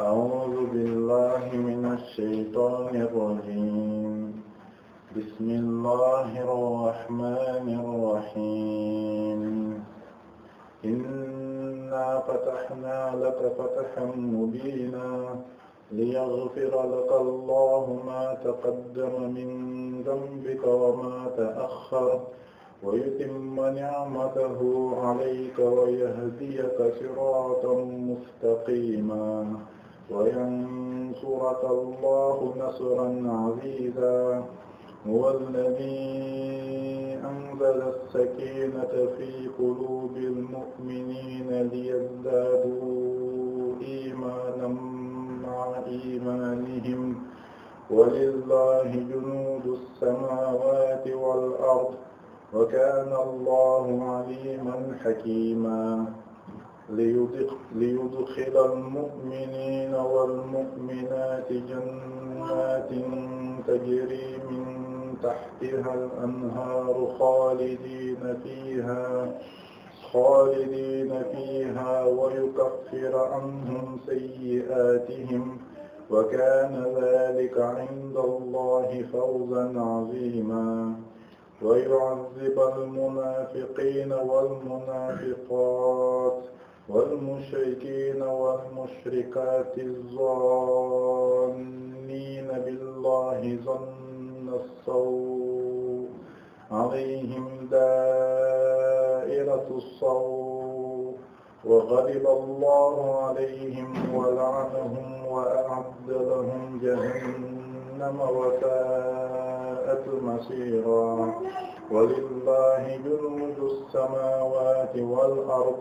أعوذ بالله من الشيطان الرجيم بسم الله الرحمن الرحيم إنا فتحنا لك فتحا مبينا ليغفر لك الله ما تقدم من ذنبك وما تأخر ويتم نعمته عليك ويهديك صراطا مستقيما وينصرك الله نصرا عزيزا هو الذي أنزل السكينة في قلوب المؤمنين ليزدادوا إيمانا مع إيمانهم ولله جنود السماوات والأرض وكان الله عليما حكيما ليدخل المؤمنين والمؤمنات جنات تجري من تحتها الأنهار خالدين فيها خالدين فيها ويكفر عنهم سيئاتهم وكان ذلك عند الله فوزا عظيما ويعذب المنافقين والمنافقات والمشركين والمشركات الظانين بالله ظن السوء عليهم دائرة السوء وغضب الله عليهم ولعنهم وأعد لهم جهنم وساءت مصيرا ولله جنود السماوات والأرض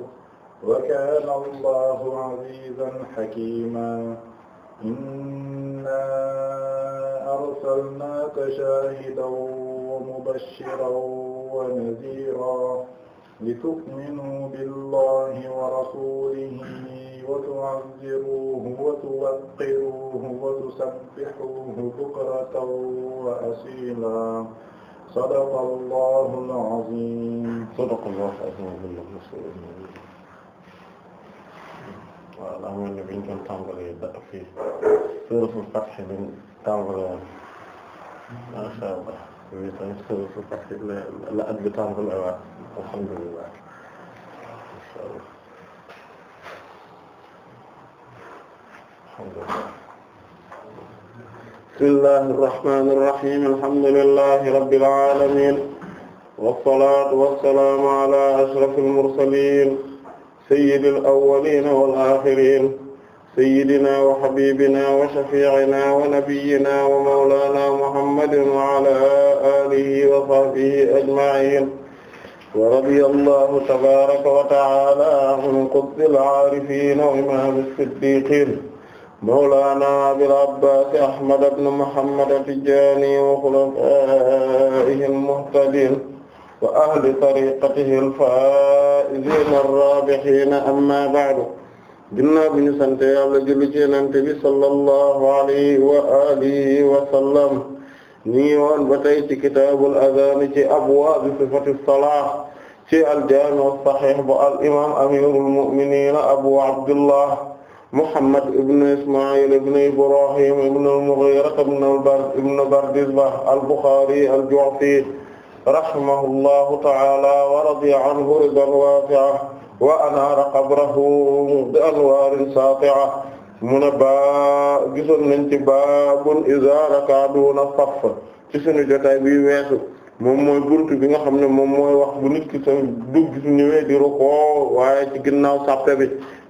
وكان الله عزيزا حكيما إنا أرسلناك شاهدا ومبشرا ونذيرا لتؤمنوا بالله ورسوله وتعزروه وتوقروه وتسبحوه بكرة وأصيلا صدق الله العظيم صدق الله العظيم waaw daa mel ni biñ doon tàmbalee da fii suuratul Fath lañ tàmbalee woon masha Allah bi tam suuratul Fath la la at bi tàmbalee waat alhamdulillah masha Allah alhamdulillah bismillahir rahmanir rahim alhamdulillahi rabbil alamin was salatu was salamu ala ashrafil mursalin sayyidil awwaliin wal aaxiriin sayyidinaa wa habiibinaa wa shafii'inaa wa nabiyyinaa wa mawlaanaa muhammadin wa alaa aalihi wa sahbihi ajma'iin wa radiyallaahu tabaaraka wa ta'aalaa an qutbil aarifiin wa imaamil siddiqiin mawlaanaa abil abbaas ahmad ibn muhammad at-tijaani wa xulafaa'ihil muhtadiin wa ahli tariqatihi al-faa'iziina ar-raabihiina amma ba'du ginnaaw bi ñu sant Yàlla julli ci Yonent bi sallallahu alayhi wa alihi wa sallam ñu ngi woon ba tey ci kitaabul adaan ci abwaabi sifati salaah ci al-jaami' as-sahiih bu al-imaam amiirul mu'miniin abu abdullah muhammad ibn isma'il ibn ibrahim ibn al-mughiira ibn bardizbah al-buxaari al-ju'fi rahimahullahu ta'ala wa radiya anhu ridan wasi'a wa anaara qabrahu bi anwaarin saati'a mu ne baa gisoon nañ ci baabun izaa rakaaduuna saff ci sunu jotaay bi weesu moom mooy buntu bi nga xam ne moom mooy wax bu nit ki sa dugg su ñëwee di rukoo waaye ci ginnaaw sàppe bi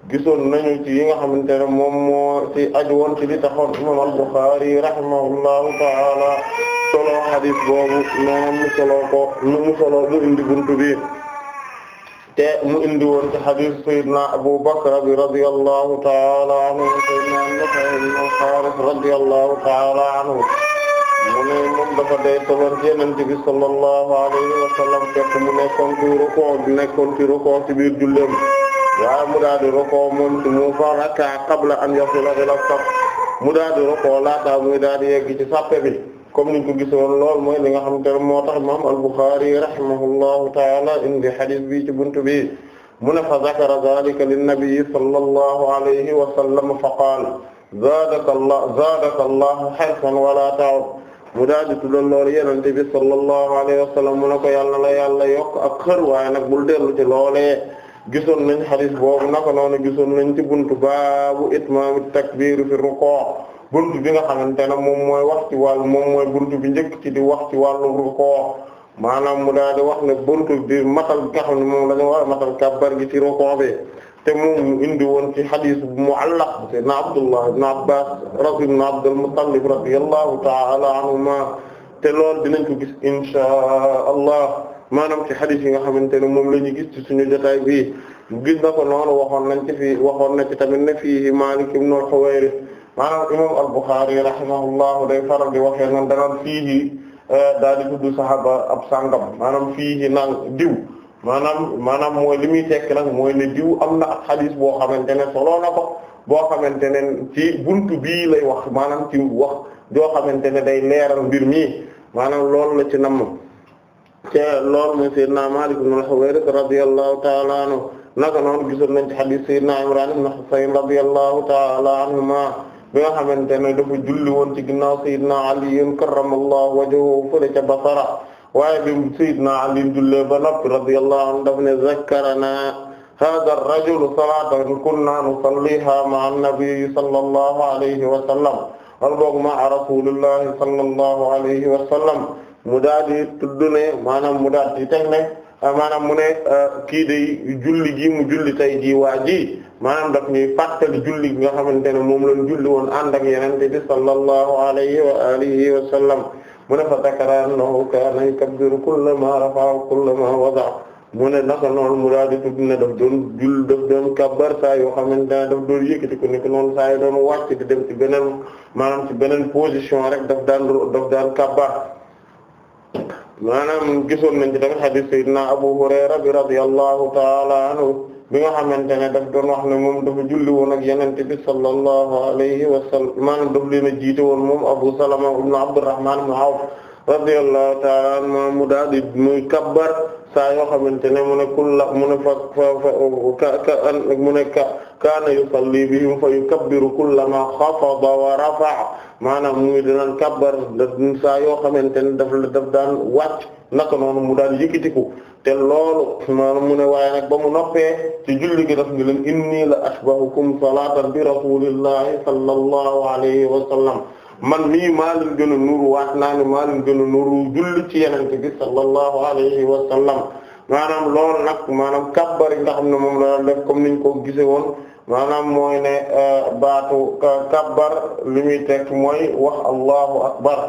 gisoon nañu ci yi nga xamante ne moom moo ci aju woon ci li taxoon imam al-Bukhari rahimahullahu ta'ala solo xadis bi te mu indi woon ci xadis sayyidina Abu Bakr bi radiyallahu ta'ala anhu sayyidina Nafi' ibn al-Harith radiyallahu ta'ala anhu mu ne moom dafa day tolloo ci Yonent bi sallallahu alayhi wa sallam mu nekkoon ci biir julleem mu daal di fa raka qabla an yasila ila saf mu daal di rukoo laata muy daal di yegg ci sàppe comme ni ko gisoon lool mooy li nga xamante ne moo tax imam al-Bukhari rahimahullahu taala indi hadith bi ci buntu bi mu ne fa zakara zalika linnabii sallallahu alayhi wa sallam fa qaal zaadaka allah zaadaka allah harsan wala ta'ud mu daal di tuddal loolu yenente bi sallallahu alayhi wa sallam mu ko yàlla la yàlla yokk ak xër waaye nag bul dellu ci loolee gisoon nañ hadith boobu na noonu gisoon nañ ci buntu baabu itmaam takbir fi ruku' buntu bi nga xamante ne moom mooy wax ci wàllu moom mooy buntu bi njëkk ci di wax ci wàllu rukoo maanaam mu daal di wax ne buntu bi matal bi nga moom la ñu war a matal kabbar gi ci rukoo bi te moom mu indi woon ci xadis bu muallaq bi sayyidina Abdullah ibn Abbas radi ibn Abdul Muttalib radiyallahu ta'ala anhuma te loolu dinañ ko gis inshaa Allah maanaam ci xadis yi nga xamante ne moom la ñu gis ci suñu jotaay bi gis na ko noonu waxoon nañ ci waxoon na ci tamit ne fii Maalik ibn al-Huwayrith maanaam imam al-Bukhari rahimahullahu day faral di waxee noonu danaan fiihi eh, daal di du saxaaba ab sàngam maanaam fiihi naan diw maanaam maanaam mooy li muy tekk nag mooy ne diw am na ak xadis boo xamante ne soloo na ko boo xamante ne ci buntu bii lay wax maanaam ci wax joo xamante ne day leeral mbir mi maanaam loolu la ci namm te loolu mooy Seydina Maalik ibn al-Huwayrith radiyallahu ta'ala anhu naka noonu gisoon nañ ci xadis Seydina Imraan ibn Husayn radiyallahu ta'ala anhuma bi nga xamante ne dafa julli woon ci ginnaaw Seydina Ali karramallahu wajhahu fële ca Basra waaye bi Seydina Ali jullee ba noppi radiyallahu anhu daf ne zakkarana hadha ar-rajulu salatan kunna nusalliha ma'a an-nabi sallallahu alayhi wa sallam wal wa sallam mu daal di tudd ne maanaam mu daal di teg ne maanaam mu ne kii julli gi mu julli tay ji maanaam daf ñuy fàttali julli bi nga xamante ne moom lañ julli woon ànd ak yenente bi sallallahu alayhi wa alihi wa sallam mu ne fa dakara annahu kaana yukabbiru kullama rafa'a kullama wada'a mu ne naka noonu mu daal di tudd na daf doon jull daf doon kabbar saa yoo xamante ne daf doon yëkkati ko ni ko noonu saa yi doon wàcc di dem ci beneen maanaam beneen position rek daf daan daf daan kabbar maanaam gisoon nañ ci tamit hadith sayyidina Abu Hurayra bi radiyallahu ta'ala anhu bi nga xamante ne daf doon wax ne moom dafa julli woon ak yonent bi sallallahu alayhi wa sallam maanaam daf leen a jiite woon moom Abu Salama ibn Abdurrahman ibn Awf radiyallahu ta'ala mu daal di kabbar saa yoo xamante ne mu ne kulla mu ne fa fa mu ne ka kaana yusalli bihim fa yukabbiru kullama xafada wa rafa'a maanaam muy saa yoo xamante ne daf daf daan wàcc naka noonu mu daan yëkkatiku te loolu maanaam mu ne waaye ba mu noppee ci julli gi daf inni la ashbahukum salatan bi rasulillahi sallallahu alayhi wa sallam man mii maa leen gën a nuuru waat naa ne maa leen gën a nuuru julli ci yenente bi sallallahu alayhi wa sallam maanaam loolu nag maanaam kabbar yi nga xam ne moom la def comme niñ ko gise woon maanaam mooy ne euh, baatu kabbar li muy teg mooy wax allahu akbar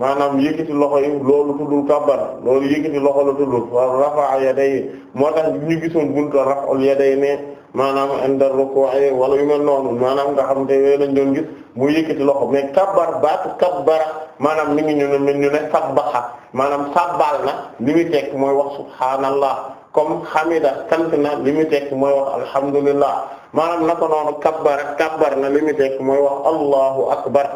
maanaam yëkkati loxo yi loolu tuddul kabbar loolu yëkkati loxo la tuddul wa a yaday moo tax ñu gisoon buntu raf'ul yaday ne maanaam inda ruku'i wala yu mel noonu maanaam nga xam te yooyu lañ doon gis mu yëkkati loxo mais kabbar baatu kabbara maanaam mi ngi ñu ne ñu ne sabbaha maanaam sabbal na li muy tekk mooy wax subhaanallah comme hamida sant na li muy tekk mooy wax alhamdulillah maanaam naka noonu kabbara kabbar na li muy tekk mooy wax allahu akbar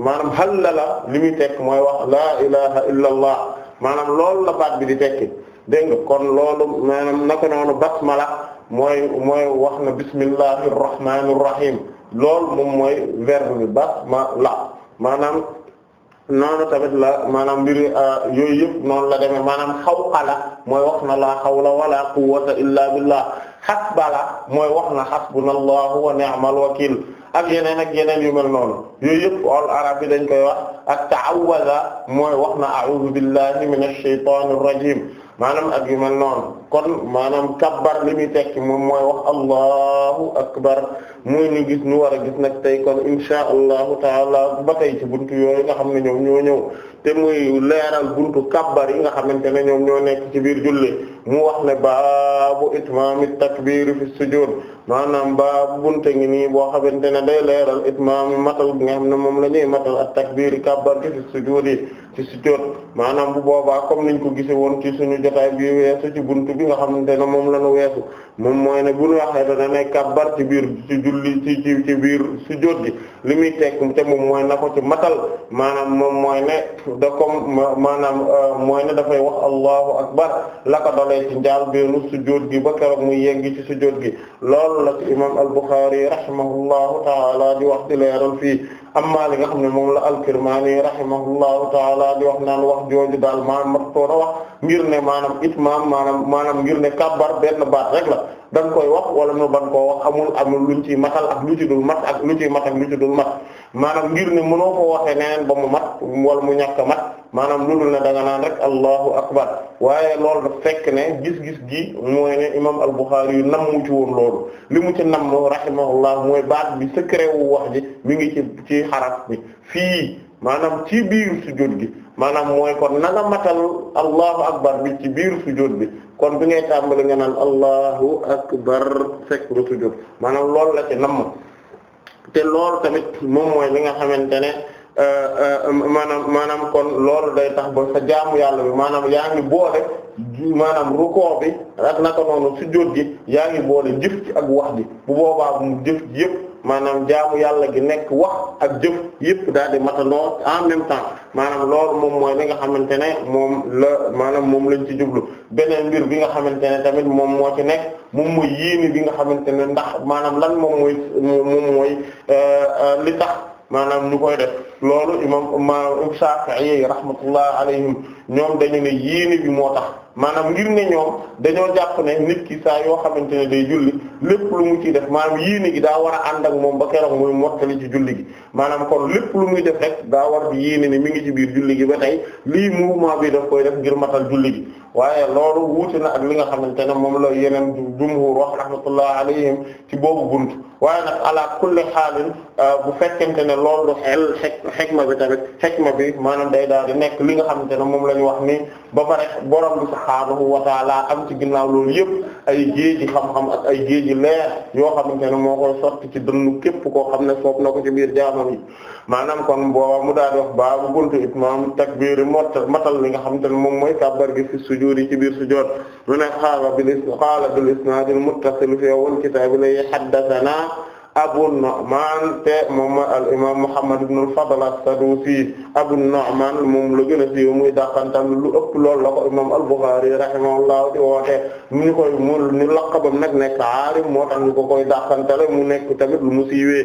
maanaam hallala li muy tekk mooy wax laa ilaha illa allah maanaam loolu la baat bi di tekki dégg nga kon loolu maanaam naka noonu basmala mooy mooy wax na bismillahir rahmanir rahim loolu moom mooy verbe bi ba ma la maanaam noonu tamit la maanaam mbiri euh, yooyu yëpp noonu la demee maanaam xawqala mooy wax na la hawla wala quwwata illa billah xasbala mooy wax na xasbunallahu wa ni'mal wakil ak yeneen ak yeneen yu mel noonu yooyu yëpp al arab yi dañ koy wax ak ta'awwaza mooy wax na a'udhu billahi minash shaytanir rajim maanaam ak yu mel noonu kon maanaam kabbar li muy tekki moom mooy wax allahu akbar muy ñu gis nu war a gis nag tey kon insha allahu taala ba tey ci buntu yooyu nga xam ne ñoom ñoo ñëw te muy leeral buntu kabbar yi nga xamante ne ñoom ñoo nekk ci biir julli mu wax ne baabu itmaami takbir fi sujud maanaam baabu bunte ngi nii boo xamante ne day leeral itmaami matal bi nga xam ne moom la ñuy matal ak takbir yi kabbar gi fi sujud yi sujud maanaam bu boobaa comme niñ ko gise woon ci suñu jotaay bi weesu ci buntu bi nga xamante ne moom la ñu weesu moom mooy ne bu ñu waxee dana ne kabbar ci biir ci julli ci ci ci biir sujjóot gi li muy tekk te moom mooy na ko ci matal maanaam moom mooy ne da comme maanaam euh, mooy ne dafay wax allahu akbar la ko dolee ci njaal beenu sujjóot gi ba keroog muy yegg ci sujjóot gi loolu la ci imam al-Bukhari rahimahullahu taala di wax di leeral fii amma li nga xam ne moom la al-Kirmaani rahimahullahu taala di wax naan wax jooju daal maanaam ma toona wax ngir ne maanaam itmaam maanaam maanaam ngir ne kabbar benn baat rek la dan koy wax wala nu ban koo wax amul amul luñ ci matal ak lu ci dul mat ak lu ci mat ak lu ci dul mat maanaam ngir ne mënoo ko waxee neneen ba mu mat wala mu ñàkk a mat maanaam loolu ne da nga naan rek allahu akbar waaye loolu daf fekk ne gis-gis gi mooy ne imam al-Bukhari yu nam mu ci woon loolu li mu ci nam rahimahullah mooy baat bi secret wu wax ji mi ngi ci ci xaraf bi fii maanaam ci biir sujjóot gi maanaam mooy kon na nga matal allahu akbar bi ci biir sujjóot bi kon bi ngay tàmbali nga naan allahu akbar fekk nga sujjóot maanaam loolu la ci nam te loolu tamit moom mooy li nga xamante ne euh, euh, maanaam maanaam kon loolu day tax ba sa jaamu yàlla bi maanaam yaa ngi boole maanaam rukkoo bi ak naka noonu sujjóot gi yaa ngi boole jëf ci ak wax ji bu boobaa mu yépp maanaam jaamu yàlla gi nekk wax ak jëf yëpp daal di matandoo en même temps maanaam loolu moom mooy li nga xamante ne moom la maanaam moom lañ ci jublu beneen mbir bi nga xamante ne tamit moom moo ci nekk moom mooy yéene bi nga xamante ne ndax maanaam lan moom mooy moom mooy euh, li tax maanaam ñu koy def loolu imam Shafi'i rahmatullah alayhim ñoom dañu ne yéene bi moo tax. maanaam ngir ne ñoom dañoo jàpp ne nit ki saa yoo xamante ne day julli lépp lu mu ciy def maanaam yéene gi daa war a ànd ak moom ba keroog muy mottali ci julli gi maanaam kon lépp lu muy def rek daa war di yéene ne mi ngi ci biir julli gi ba tey lii mouvement bi daf koy def ngir matal julli gi waaye loolu wuute na ak li nga xamante ne moom la yeneen jumhur wax rahmatullah alayhim ci boobu bunt waaye nag ala kulli euh, bu fekkente ne loolu xel xekma bi tamit xekma bi maanaam day daal di nekk li nga xamante ne moom la ñu wax nii ba pare borom bi subhaanahu wa taala am ci ginnaaw loolu yëpp ay géeji xam-xam ak ay géeji leer yoo xamante ne moo koy sotti ci dënnu képp koo xam ne soob na ko ci biir jaamam yi maanaam kon booba mu daal wax baabu buntu itmaam takbiir matal li nga xamante ne moom mooy kàbbar gi fi sujuudi ci biir sujood mu ne qaala bil qaala bil isnaadil muttasil fi awwal kitaab li haddathanaa Abu Nu'man te moom al imam Muhammad ibn al-Fadl as-Sadusi Abu Nu'man moom la gën a siiw muy dàqantam lu ëpp loolu la ko imam al-Bukhari rahimahullahu di woote mu ñu laqabam nag nekk aalim moo tax ñu ko koy dàqantale mu nekk tamit lu mu siiwee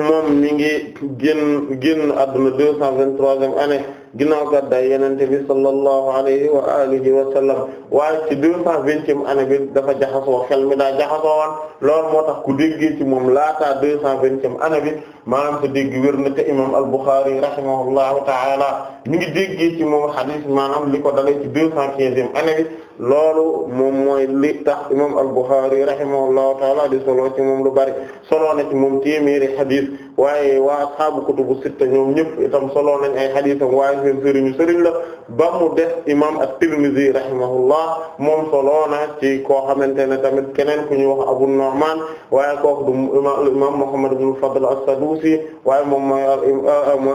moom mi ngi génn génn àdduna deux cent vingt-troisième année ginnaaw gàddaay yenente bi sallallahu alayhi wa alihi wa sallam waaye ci deux cent vingtième année dafa jaxasoo xel mi daa jaxasoo woon loolu moo tax ku déggee ci moom laataa deux cent vingtième année bi maanaam sa dégg wér na te imam al-Bukhari rahimahullahu taala mi ngi déggee ci moom hadith maanaam li ko dalee ci deux cent quinzième année loolu moom mooy li tax imam al-Bukhari rahimahullahu taala di solo ci moom lu bari solo na ci moom téeméeri xadis waaye waa ashaabu kutubu sitta ñoom ñëpp itam solo nañ ay xadisam waaye seen sëriñu sëriñ la ba mu def imam at-Tirmidhi rahimahullah moom solo na ci koo xamante ne tamit keneen ku ñuy wax Abu Nu'man waaye kooku du imam Muhammad ibn al-Fadl as-Sadusi waaye moom mooy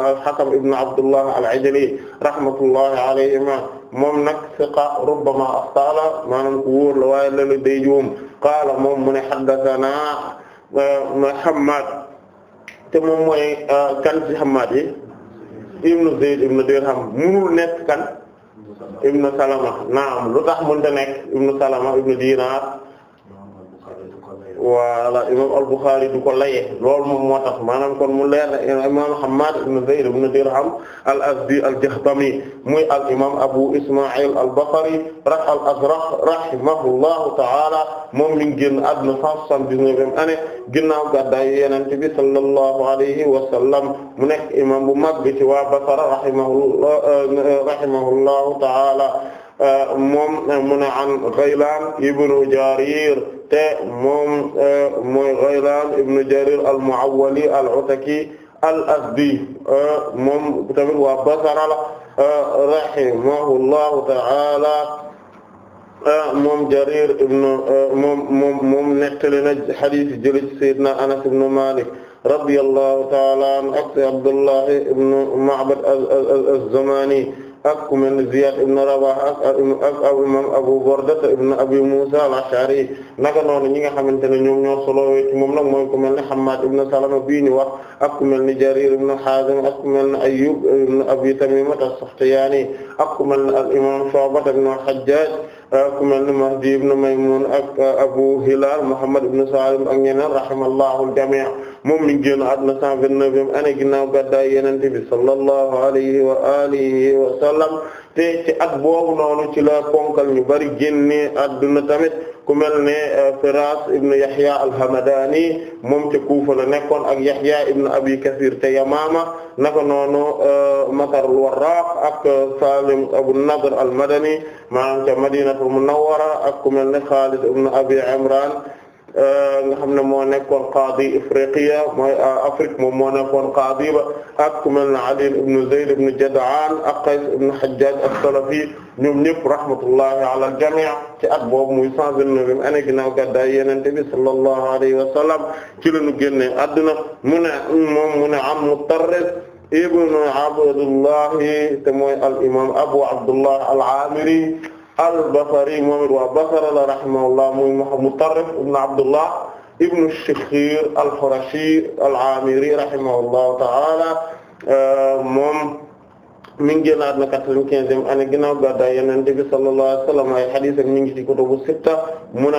al-Hakam ibn Abdullah al-Ajli rahmatullahi alayhima moom nag siqa rubbama axtaala maanaam ku wóor la waaye lala day juum qaala moom mu ne haddathana euh, Hammad te moom mooy euh, kan ci Hammad yi ibnu Zayd ibnu Dirham munul nekk kan ibnu Salama naam lu tax mënta nekk ibnu Salama ibnu Dinar voilà imam al-Bukhari du ko layee loolu moom moo tax maanaam kon mu leer na imam Hammad ibn Zayd ibn Dirham al-Azdi al-Jahtami muy al imam Abu Isma'il al-Bukhari rah al-Azraq rahimahullahu ta'ala moom mi ngi génn àdduna 179 année ginnaaw gàddaay Yonent bi sallallahu alayhi wa sallam mu nekk imam bu mag bi ci waa Basra rahimahullahu rahimahullahu ta'ala moom mu ne an Ghaylan ibnu Jarir te moom e, mooy Ghaylan ibnu Jarir al-Mu'awwali al-Ataki al-Azdi e, moom tamit waa Basra la e, rahimahullahu ta'ala moom Jarir ibnu moom moom moom nettali na hadith jële ci Sayyidina Anas ibnu Malik radiyallahu ta'ala anhu ak Abdullah ibnu Ma'bad az-Zamani ak ku mel ne Ziyad ibn Rabah ak ak ak Abu Musa al-Ash'ari naka noonu ñi nga xamante ne ñoom ñoo solowee moom nag mooy ku mel ne Hammad ibn Salama bii ñu wax ak ku mel ne Jarir ibn Hazim ak ku mel ne Ayyub ibn Abi Tamima as-Sakhtiyani ak ku mel ne al imam Shu'ba ibn al-Hajjaj ku mel ne Mahdi ibn Maymun Abu Hilal Muhammad ibn Salim ak rahimallahu al-jami' moom mi ngi génn àdduna 129e année ginnaaw gàddaay Yonent bi sallallahu alayhi wa alihi wa sallam te ci at boobu noonu ci la ponkal ñu bari génnee àdduna tamit ku mel ne euh, Firas ibn Yahya al-Hamadani moom ca Kufa la nekkoon ak Yahya ibn Abi Kathir te Yamama naka noonu euh, Matar al-Warraq ak euh, Salim Abu Nadr al-Madani maanaam ca Madinatul Munawwara ak ku mel ne Khalid ibn Abi Imran Euh, nga xam ne moo nekkoon qaadi Ifriqiya mooy euh, Afrique moom moo nekkoon qaadi ba ak ku mel ne Ali ibn Zayd ibn Jad'an ak Qays ibn Hajjaj as-Salafi ñoom ñëpp rahmatullahi ala al-jami' ci at boobu muy cent vingt-neuvième année ginnaaw gàddaay Yonent bi sallallahu alayhi wa sallam ci la ñu génnee adduna mu ne moom mu ne am Mutarrif ibn Abdullahi te mooy al imam Abu Abdullah al-Amiri al-Basri moom it waa Basra la rahimahullah muy Mutarrif ibn Abdullah ibn Shikhkhir al-Qurashi al-Amiri rahimahullahu ta'ala moom mi ngi génnaat na quatre-vingt-quinzième année ginnaaw gàddaay Yonent bi sallallahu alayhi wa sallam ay hadiis ak mi ngi ci kutubu sitta mun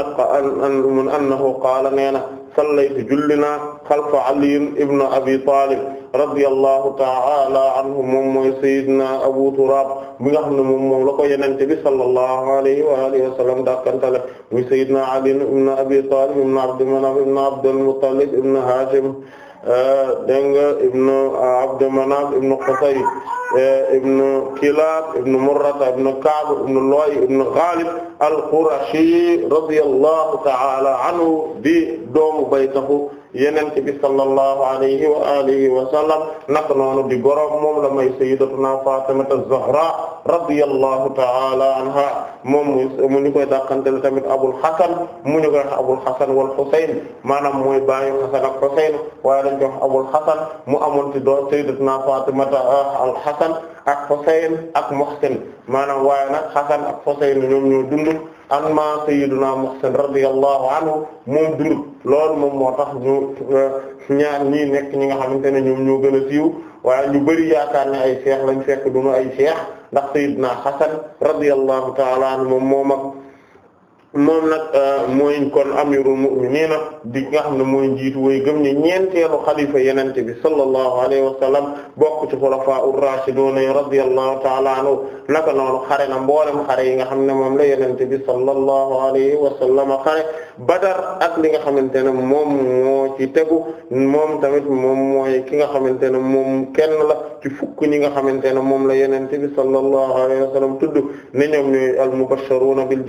annahu qaala nee na sallaytu julli naa xalfa Ali ibn Abi Talib radiyallahu ta'ala anhu moom mooy sayyidina Abu Turab bi nga xam ne moom moom la ko yenente bi sallallahu alayhi wa alihi wa sallam dakantale muy sayyidina Ali ibn Abi Talib ibn Abd Manaf ibn Abd al-Muttalib ibn Hashim dégg nga ibnu Abdu Manaf ibnu Qusay ibnu Kilab ibnu Murrata ibnu Ka'b ibnu Lu'ay ibnu Ghalib al-Qurashi radiyallahu ta'ala anhu di doomu baytahu yenente bi sallallahu alayhi wa alihi wa noonu di goroom moom la may sayyidatuna Fatima az-Zahra radiyallahu ta'ala anha moom mu ñu koy dàqantele tamit Abul Hasan mu ñu koy wax Abul Hasan wal Husayn maanaam mooy baayu Hasan ak Husayn waaye dañ koy wax Abul Hasan mu amoon ci doom sayyidatuna Fatima ah, al Hasan ak Husayn ak Muhsin maanaam waaye nag Hasan ak Husayn ñoom ñoo dund amma sayyiduna Muhsin radiyallahu anhu moom dund loolu moom moo tax ñu euh, ñaar ñii nekk ñi nga xamante ne ñoom ñoo gën a siiw waaye ñu bari yaakaar ne ay cheikh lañ fekk duñu ay cheikh ndax sayyiduna Hasan radiyallahu ta'ala anhu moom moo mag moom na euh, mooy kon amirul mu'minina di nga xam ne mooy njiitu way gëm ne ñeenteelu xalifa yenente bi sallallahu alayhi wa sallam bokk ci xulafaa ur-rashidun radiyallahu ta'ala anhu naka noonu xare na mboolem xare yi nga xam ne moom la yenente bi sallallahu alayhi wa sallam xare badar ak li nga xamante ne moom moo tegu moom tamit moom mooy ki nga xamante ne moom kenn la ci fukk ñi nga xamante ne moom la yenente bi sallallahu alayhi wa sallam tudd ne ñoom ñooy al-mubashshiruna bil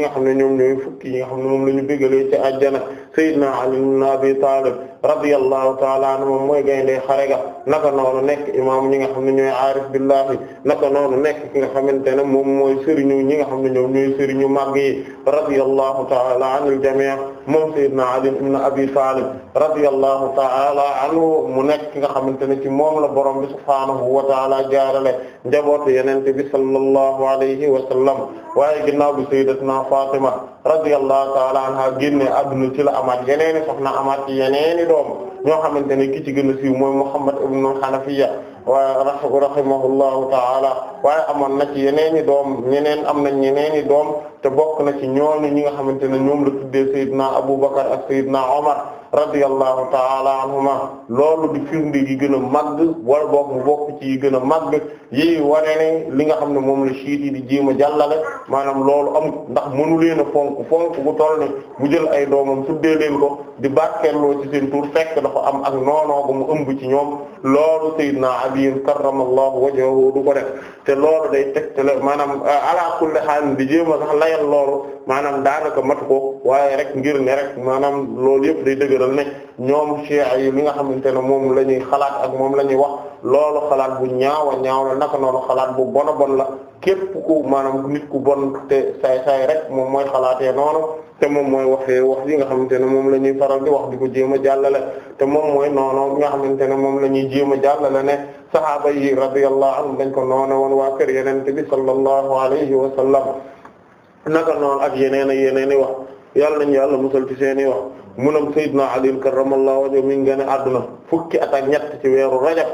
yi nga xam ne ñoom ñooy fukki yi nga xam ne moom la ñu bégalee ci àjjana Seydina Ali ibn Abi Talib radiyallahu taala anhu moom mooy gayndee xare ga naka noonu nekk imaam ñi nga xam ne ñooy aarif billahi naka noonu nekk ki nga xamante ne moom mooy sëriñu ñi nga xam ne ñoom ñooy sëriñu màgg yi radiyallahu taala anil jamii moom sayyidina Ali ibn Abi Talib radiyallahu anhu mu nekk ki nga xamante ne ci moom la borom bi subhaanahu wa taala jaarale njabootu yenente bi sallallahu alayhi wa sallam waaye ginnaaw bi sayyidatuna Fatima radiyallahu taala anha génne adduna ci la amaat yeneeni soxna amaat ci yeneeni doom ñoo xamante ne ki ci gën a siiw mooy Muhammad ibn Hanafiya wa rahimahullahu ta'ala waaye amoon na ci yeneen i doom ñeneen am nañ ñeneen doom te bokk na ci ñooñu ñi nga xamante ne ñoom la tuddee Seydina Abubakar a Seydina Omar radiyallahu taala anhuma loolu di firnde yi gën a màgg wala boog mu bokk ci yi gën a màgg yi wane ne li nga xam ne moom la chiites yi di jéem a jàllale maanaam loolu am ndax mënu leen a fonk fonk bu toll ne bu jël ay doomam tuddee leen ko di barkeeloo ci seen tur fekk dafa am ak noonoo ko mu ëmb ci ñoom loolu sayyidina Ali karramallahu wajhahu du ko def te loolu day teg tegtale maanaam ala kulli haal di jéem a sax layal loolu maanaam daanaka mat ko waaye rek ngir ne rek maanaam loolu yëpp day dëgëral ne ñoom Shi'a yi li nga xamante ne moom la ñuy xalaat ak moom la ñuy wax loolu xalaat bu ñaaw la naka noonu xalaat bu bona bon la képp ku maanaam nit ku bon te saay saay rek moom mooy xalaatee noonu te moom mooy waxee wax yi nga xamante ne moom la ñuy faral di wax di ko jéem a jàllale te moom mooy noono nga xamante ne moom la ñuy jéem a jàllale ne sahaaba yi radiyallahu anhum dañ ko noone woon waa kër yenente bi sallallahu alayhi wa sallam naka noonu ak yeneen yeneen i wax yàlla nañu yàlla musal ci seen i wax munam sayyidna Ali karramallahu wajhu mi ngi gën a adduna fukki at ak ñett ci weeru rajab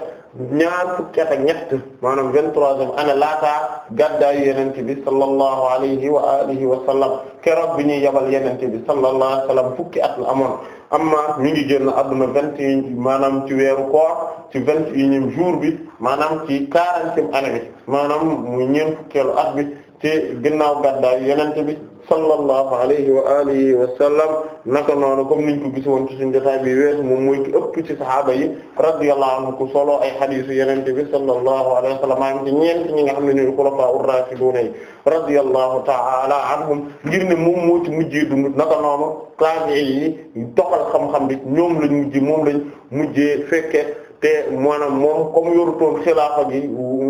ñaar fukki at ak ñett maanaam vingt laata année laataa gàddaayu yenente bi sallallahu alayhi wa alihi wa sallam keroog bi ñuy yabal yenente bi sallallahu alayhi wa sallam fukki at la amoon amma mi ngi génn adduna aduna et un maanaam ci weeru koor ci vingt et unième jour bi maanaam ci quarantième année bi maanaam mu ñeent fukkeelu at bi ci ginnaaw gàddaay yenente bi sallallahu alayhi wa alihi wa sallam naka noonu comme niñ ko gisoon ci suñu jotaay bi weesu moom mooy ki ëpp ci sahaaba yi radiyallahu anhu ku solo ay xadiisu yenente bi sallallahu alayhi wa sallam maanaam ci ñeent ñi nga xam ne ñooy xulafaa ur-raashiduuna yi radiyallahu ta'ala anhum ngir ne moom moo ci mujjee dund naka noonu taabi'i yi doxal xam-xam bi ñoom lañ mujjee moom lañ mujjee fekke te maanaam moom comme yorutoon xilaafa gi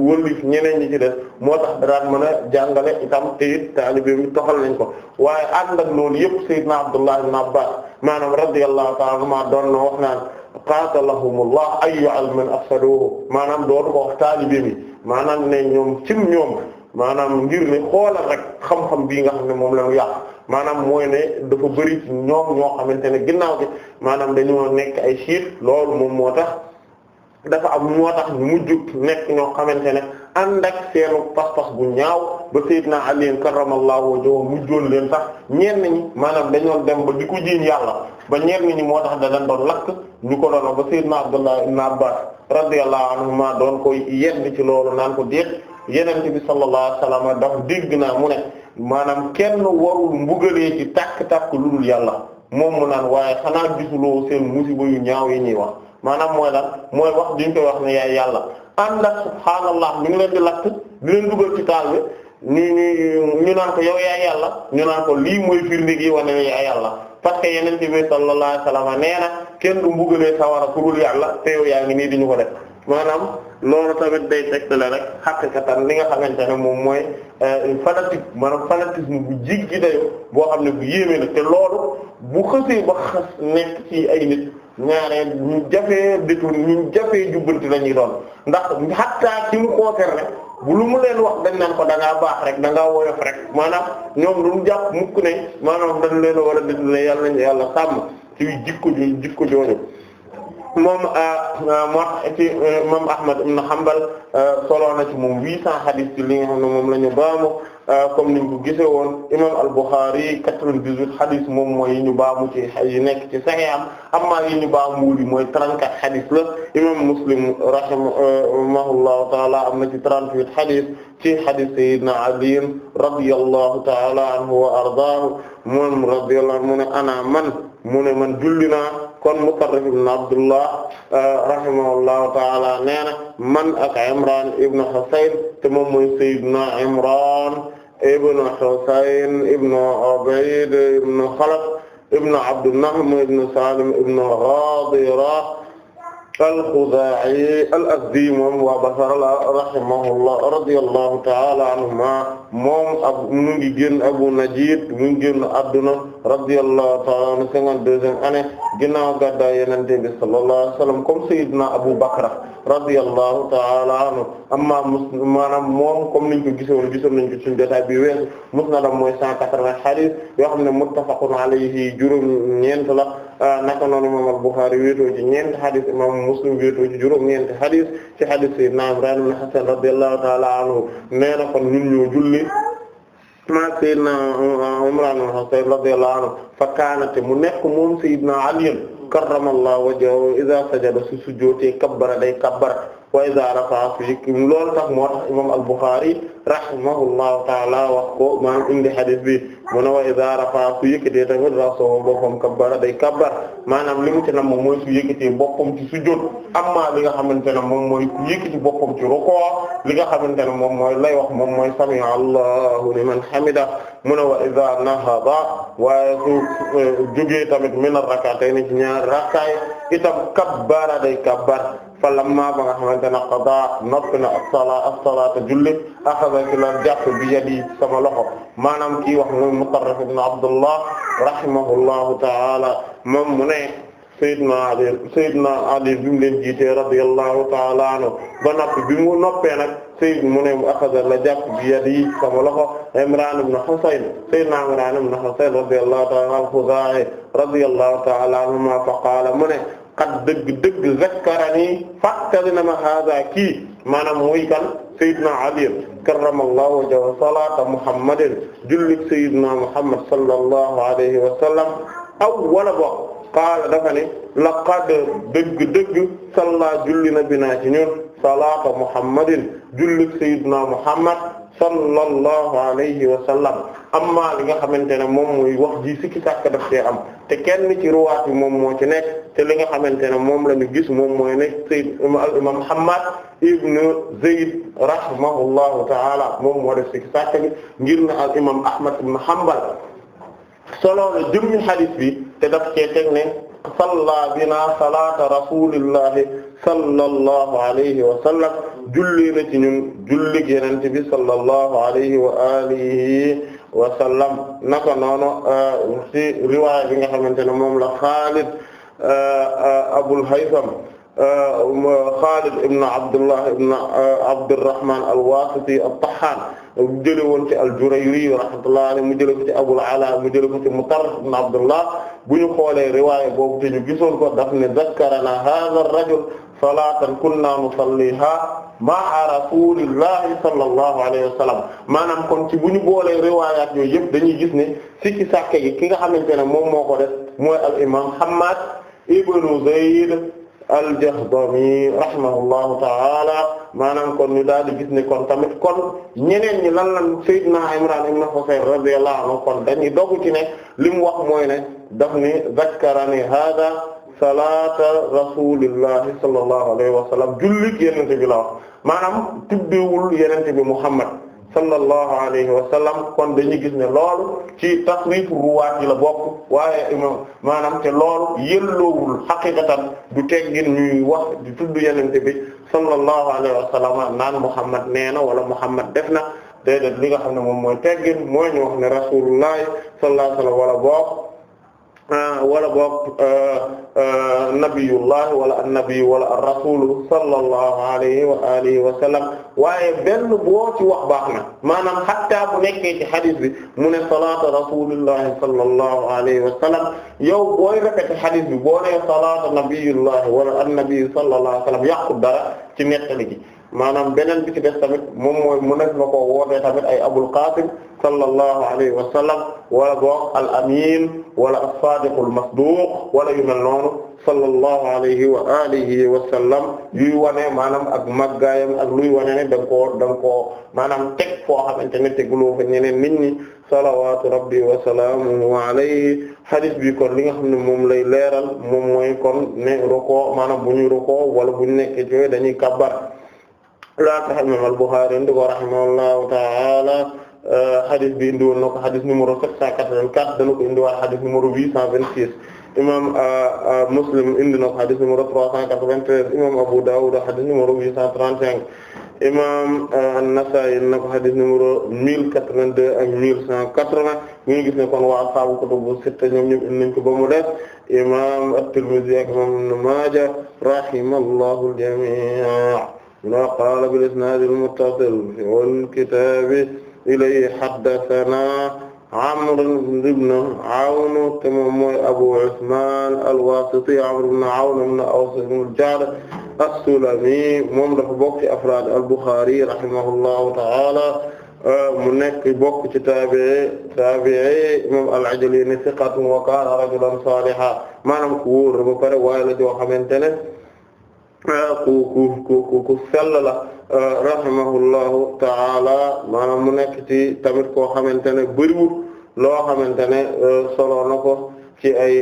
wëlif ñeneen ñi ci def moo tax daraan mën a jàngale itam te it taalibe bi toxal nañ ko waaye ànd ak loolu yëpp sayyidna Abdullah ibn Abbas maanaam radiyallahu ta'ala anhuma doon na wax naan qatalahumullah ayu almin afsaduhu maanaam doon ko wax bi maanaam ne ñoom cim ñoom maanaam ngir ne xoolal rek xam-xam bii nga xam ne moom la ñu yàq maanaam mooy ne dafa bëri ci ñoom ñoo xamante ne ginnaaw gi maanaam dañoo nekk ay siit lool moom moo tax dafa am moo tax mujj nekk ñoo xamante ne ànd ak seenu pas-pas bu ñaaw ba Seydina Ali karramallahu wajhahu mujjoon leen sax ñenn ñi maanaam dañoon dem ba di ko jiiñ yàlla ba ñenn ñi moo tax da dañ doon lakk ñu ko doon ba Seydina Abdullah ibn Abbas radiyallahu anhuma doon ko yedd ci loolu naan ko déet yenente bi sallallahu alayhi wasallam dafa dégg naa mu ne maanaam kenn warul mbugalee ci tàkk-tàkk lu dul yàlla moom mu naan waaye xanaa gisuloo seen yu ñaaw yi ñuy wax maanaam mooy lan mooy wax diñ koy wax ne yaay yàlla ànd ak subhaanallah mi ngi leen di lakk di leen dugal ci taal bi ñu ñu ñu naan ko yow yaay yàlla ñu naan ko lii mooy firnde gi wane ne yaay yàlla parce que yeneen bi sallallahu alayhi wasallam nee na kenn du mbugalee sawara ku dul yàlla te yow yaa ngi nii di ñu ko def maanaam loolu tamit day tegtale rek xaqiqatan li nga xamante ne moom mooy euh, fanatique maanaam fanatisme bu jig gi dayo boo xam ne bu yéeme na te loolu bu xësee ay nit ñaareel ñu jafee détourné ñu jafee jubbanti la ñuy doon ndax xattaa ci mu concerné bu lu mu leen wax dañ naan ko da baax rek da ngaa woyof rek maanaam ñoom lu mu jàpp mukk ne maanaam dañ leen war a détourné yàlla nañ yàlla sàmm ci jikko jikko jooju moom euh, euh, moom ci euh, moom Ahmad ibn na solo na ci moom 800 hadith ci li nga xam ne moom la ñu baamu Euh, comme niñ ko gisee woon imam al-Bukhari 98 hadith moom mooy ñu baamu ci yi nekk ci Sahih am amma yi ñu baamuwul mooy 34 hadith la imam Muslim rahimahullahu ta'ala am na ci 38 hadith ci hadith sayyidina Ali radiyallahu ta'ala anhu wa ardaahu moom radiyallahu anhu mu ne ana man mu ne man julli naa kon Mutarrif ibn Abdullah euh, ta'ala nee man ak Imran ibn Husayn te moom mooy sayyidina ibn Husayn ibn Ubayd ibn Khalaf ibn Abd an-Nahm ibn Salim ibn Ghadira al-Khuzaa'i al-Azdi moom waa Basra la rahimahullah radiyallahu ta'ala anhuma moom mu ngi génn Abu Najiid mu ngi génn adduna radiyallahu ta'ala anhu cinquante-deuxième année ginnaaw gàddaay Yonent bi sallallahu alayhi wa sallam comme Seydina Abu Bakr radiyallahu ta'ala anhu amma Muslim moom comme niñ ko gisoon gisoon nañ ko suñu bi weesu musnadam mooy cent quatre-vingts yoo xam ne muttafaqun alayhi juróom ñeent la ah, naka noonu imam al-Bukhari wéetoo ci ñeent hadith imam Muslim wéetoo ci juróom ñeent hadith ci hadith Seydina Imran ibn Hasan radiyallahu ta'ala anhu nee na kon ñun ñoo julli ma sayyidna Imran al-Husayn radiyallahu anhu fa kaanate mu nekk moom sayyidna Ali karramallahu wajhahu idha sajada su sujjóotee kabbara day kabbara wa iza rafa'a loolu tax moo tax imam al-Bukhari rahimahullahu taala wax ko maanaam indi hadith bi mu ne wa iza rafa'a su yëkkatee tamit ra'sahu boppam kabbara day kabbar maanaam li mu ci nam moom mooy su bokkom boppam ci sujjóot amma li ga xamante ne moom mooy su yëkkati boppam ci rukuu li nga xamante ne moom mooy lay wax moom mooy sami'a Allahu man hamida mu ne wa iza nahada waaye su eh, jógee tamit min ar-rak'atayn ci ñaar rakkaay itam kabbara day kabbar fa lamma ba nga xamante ne qada noppi na as-salaa as-salaata julli axada ci la jàpp bi yadi sama loxo maanaam kii wax muy Mutarrif ibn Abdullah rahimahullahu taala moom mu ne Seydina Ali Seydina Ali bi mu leen jiitee radiyallahu taala anhu ba noppi bi mu noppee nag Seyd mu ne mu axada la jàpp bi yadi sama loxo Imran ibn Husayn Seydina Imran ibn Husayn radiyallahu taala al-Khuzaa'i radiyallahu taala anhuma fa qaala mu ne xat dëgg dëgg zakkarani fàttali na ma haada kii maanaam muy kan sayyidina Ali karramallahu wajhahu salaata Muhammadin jullit sayyidina Muhammad sallallahu alayhi wa sallam awwala ba qaala dafa ne laqad dëgg dëgg salla julli na binaa ci ñun salaata Muhammadin jullit sayyidina Muhammad sallallahu alayhi wa sallam amma li nga xamante ne moom mooy wax ji sikki sàkk daf see am te kenn ci ruwaat yi moom moo ci nekk te li nga xamante ne moom la ñu gis moom mooy ne sayyid imam Muhammad ibn Zayd rahimahullahu ta'ala moom moo def sikki sàkk bi ngir na al imam Ahmad ibn Hanbal solo la jëmmi hadith bi te daf cee teg ne salla bina salata rasulillahi sallallahu alayhi wa sallam julli na ci ñun jullig Yonent bi sallallahu alayhi wa alihi wa sallam naka noonu euh, ci riwaaya bi nga xamante ne moom la Xaalid euh, euh, Abul Haytham Xaalid ibn Abdullah ibn Abdurrahman al-Wasiti at-Tahan mu jëlee woon ci al-Jurayri rahmatullahi alayhi mu jëlee ko ci Abul Ala mu jëlee ko ci Mutarrif ibn Abdullah bu ñu xoolee riwaaya boobu te ñu gisoon ko daf ne zakkarana hadha ar-rajul salaatan kunna nusalliha ma'a rasulillahi sallallahu alayhi wa sallam maanaam kon ci bu ñu boolee riwaayaat yooyu yëpp dañuy gis ne si ci sàkke gi ki nga xamante ne moom moo ko def mooy al imam Hammad ibn Zayd al-Jahdami rahimahullahu ta'ala maanaam kon ñu daal di gis ne kon tamit kon ñeneen ñi lan lan Seydina Imran ibn Husayn radiyallahu anhu kon dañuy dogu ci ne li mu wax mooy ne daf ni zakkarani hada salaata rasulillahi sallallahu alayhi wa sallam julli yonent bi la wax maanaam tuddewul yonent bi Muhammad sallallahu alayhi wa sallam kon dañuy gis ne loolu ci tasrif ruwaat yi la bokk waaye imam maanaam te loolu yëlloowul xaqiqatan du teggin ñuy wax di tudd yenente bi sallallahu alayhi wa sallam naan Muhammad nee na wala Muhammad def na déedéet li nga xam ne moom mooy teggin mooy ñu wax ne rasulullah sallallahu alayhi wa sallam wala bokk Ah, wala boog ah, ah, nabiyullah wala annabi wala ar-rasul sallallahu alayhi wa alihi wa sallam waaye benn boo ci wax baax na maanaam xatta bu nekkee ci xadis bi mu ne salaata rasulillahi sallallahu alayhi wa sallam yow booy répété xadis bi boo nee salaata nabiyullah wala annabi sallallahu alayhi wa sallam yàqu dara ci nettali gi maanaam beneen bi ci des tamit moom mooy mu nekk na ko wootee tamit ay abul qasim sallallahu alayhi wa sallam wala boox al amin wala as-sadiqul masduq wala yu mel noonu sallallahu alayhi wa alihi wa sallam yuy wane maanaam ak màggaayam ak luy wane ne da nga koo da nga koo maanaam teg foo ne teguloo fa ñeneen nit ñi salawaatu rabbi wa salaamuhu alayhi xadis bi kon li nga xam ne moom lay leeral moom mooy kon ne roko maanaam bu ñu wala bu ñu nekkee ci dañuy kabbar la tax imam al-Bukhari indi ko rahimahullahu ta'ala uh, hadith bi indi woon na ko hadith numéro 784 dana ko indi waat hadith numéro 826 imam uh, uh, Muslim indi na ko hadith numéro 393 imam Abu Dawud hadith numéro 835 imam An-Nasa'i na ko hadith numéro 1082 ak 1180 ñu ngi gis ne kon waa ashaabu kutubu sitta ñoom ñoom indi nañ ko ba mu des imam At-Tirmidhi ak imam Ibn Maaja rahimallahu al-jami' ma qaala bil isnaad al muttasil wal kitaabi ilayhi haddasanaa Amr ibn Awn te moom mooy Abu Usmaan al-Waasiti Amr ibn Awn ibn Aws ibn al-Ja'd as-Sulami moom dafa bokk ci afraad al-Bukhari rahimahullahu ta'ala mu nekk bokk ci taabi'i taabi'i moom al-Ajli thiqatun wa kaana rajulan saalihan maanaam ku wóor ba pare waaye la joo xamante ne ku ku ku ku sell la euh, rahimahullahu taala maanaam mu nekk ci tamit koo xamante ne bëriwul loo xamante ne euh, solo na ko ci ay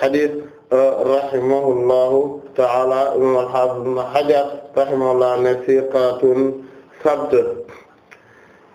hadith euh, rahimahullahu taala imam al-hafiz ibn hajar rahimahullah ne siqatun sabt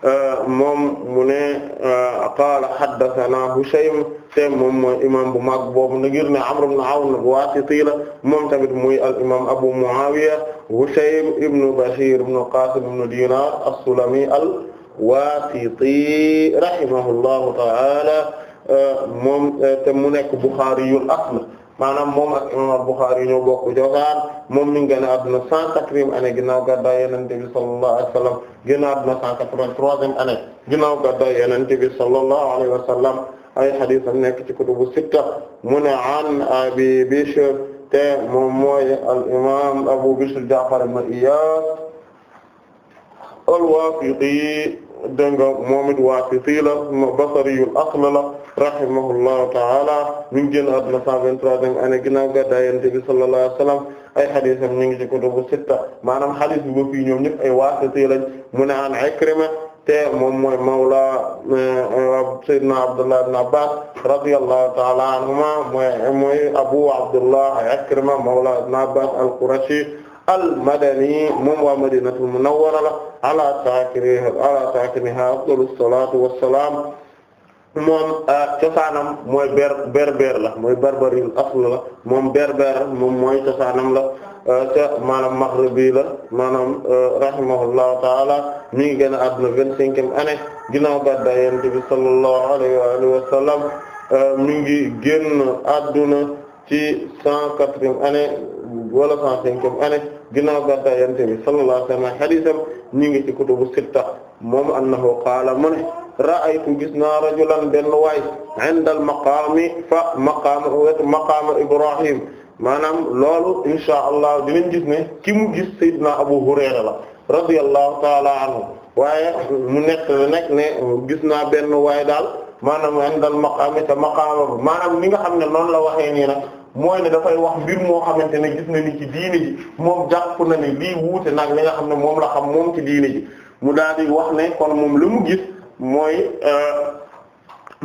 Euh, moom mu ne euh, qaala haddathana Hushaym te moom mooy imam bu mag boobu na ngir ne Amr ibn Awn al-Wasiti la moom tamit muy al imam Abu Muawiya Hushaym ibn Bashir ibn Qasim ibn Dinar as-Sulami al-Wasiti rahimahullahu ta'ala euh, moom te mu nekk Bukhari yu asl maanaam moom ak imam al-Bukhari ñoo bokk jogaan moom mi ngi gën a adduna cent quatrième année ginnaaw gàddaay Yonent bi sallallahu alayhi wa sallam gën a adduna cent quatre-vingt-troisième année ginnaaw gàddaay Yonent bi sallallahu alayhi wa sallam ay hadith am nekk ci kutubu sitta mu ne an Abi Bishr te moom mooy al-imam Abu Bishr Ja'far ibn Iyas al-Waqidi dégg nga moom it Waqidi la Basri al-asl la rahimahullahu ta'ala mi ngi génn àdduna 123e année ginnaaw gàddaay Yonent bi sallallahu alayhi wa sallam ay xadisam ñu ngi ci kutubu sitta maanaam xadis bi ba fii ñoom ñëpp ay waasiti lañ mu ne an Ikrima te moom mooy mawla eh, sayyidina Abdullah ibn Abbas radiyallahu ta'ala anhuma mooy mooy Abu Abdullah Ikrima mawla ibn Abbas al-Qurashi al-Madani moom waa Madinatul Munawwara ala saakiniha ala saakiniha afdalu salaatu wassalaam moom euh, cosaanam mooy ber la mooy berberil la moom berber moom mooy cosaanam la ca euh, maanaam maghribi la maanaam euh, rahimahullahu taala mi ngi gën a adduna vingt-cinquième année ginnaaw gàddaa yonent bi sallallahu alayhi wa alihi wa sallam adduna ci cent quatrième année wala cent cinquième année ginnaaw gàddaa yonent bi sallallahu alayhi wa sallam hadiisam ñi ngi ci kutubu sitta moom annahu qaala mu ne ra'aytu gis naa rajulan benn waay inda al maqaami fa maqaama wet maqaama Ibrahim maanaam loolu inshaa Allah dinañ gis ne ki mu gis Seydina Abu Hurayra la radiyallahu taala anhu waaye mu nekk nag ne gis naa benn waay daal maanaam inda al maqaami te maqaama ba maanaam li nga xam ne noonu la waxee nii nag mooy ne dafay wax mbir moo xamante ne gis na ni ci diini ji moom jàpp na ne lii wuute nag li nga xam ne moom la xam moom ci diini ji mu daal di wax ne kon moom lu mu gis mooy euh,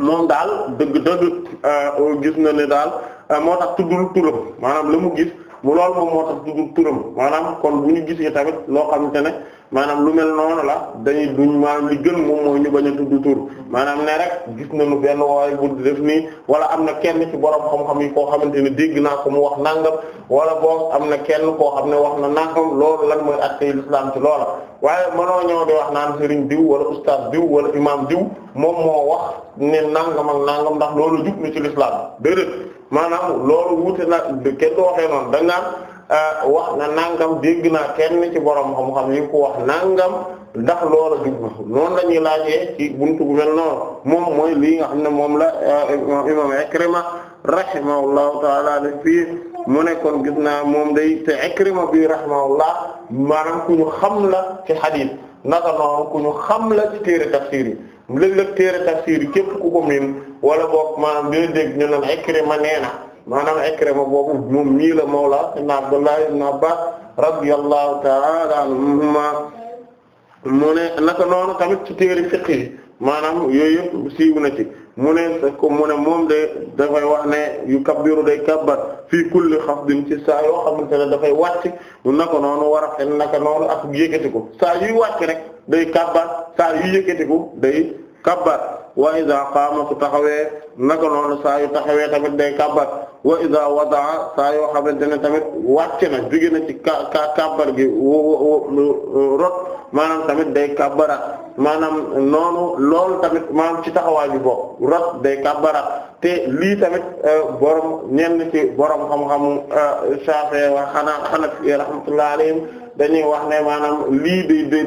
moom daal dëgg-dëgg euh, gis na ne daal euh, moo tax tuddul turam maanaam lu mu gis mu lool moom moo tax tuddul turam maanaam kon bu ñu gisee tamit loo xamante ne maanaam lu mel noonu la dañuy duñ maanaam li gën moom mooy ñu bañ tudd tur maanaam ne rek gis nu benn waaye bu def nii wala am na kenn ci borom xam-xam yi koo xamante ne dégg naa ko mu wax nangam wala boog am na kenn koo xam ne wax na nangam loolu lan mooy attey l'islam ci loola waaye mënoo ñëw di wax naan sëriñ diw wala ustaas diw wala imam diw moom moo wax ne nangam ak nangam ndax loolu jub na ci l'islam déedéet maanaam loolu wuute na kenn du waxee noonu da Ah, wax na nangam dégg naa kenn ci borom xam-xam yi ko wax nangam ndax loola jublu noonu la ñuy laajee ci buntu bu mel noonu moom mooy lii nga xam ne moom la ah, imam Ikrima rahimahullahu taala def fii nekkoon gis naa moom day te Ikrima bi rahimahullah maanaam ku ñu xam la ci hadith naka noonu ku ñu xam la ci téere tafsir yi léeg-léeg téere tafsir yi képp ku ko miin wala boog maanaam dina dégg ñu naan Ikrima nee na maanaam Ikrima boobu moom mii la mawla ibn Abdullah ibn Abbas radiyallahu ta'ala anhuma mu ne naka noonu tamit ci téeri fiqh yi maanaam yooyu yëpp siiw na ci mu ne ko mu ne moom de dafay wax ne yu kabbiru day kabbar fii kulli xafdin ci saa yoo xamante ne dafay wàcc naka noonu war a fen naka noonu ak yëkkati saa yuy wàcc rek day kabbar saa yuy yëkkati ko day kabbar wa iza qaama su taxawee naka noonu saa yu taxawee tamit day kàbbar wa iza wadaa saa yoo xamante ne tamit wàcc na jóge na ci ka kàbbar gi rot maanaam tamit day kabara maanaam noonu loolu tamit maanaam ci taxawaay bi bokk rot day kabara te lii tamit euh, borom ñenn ci borom xamu xamu euh, Shafi'i wa xanaa Hanafi rahmatullahi alayhim dañuy wax ne maanaam lii day day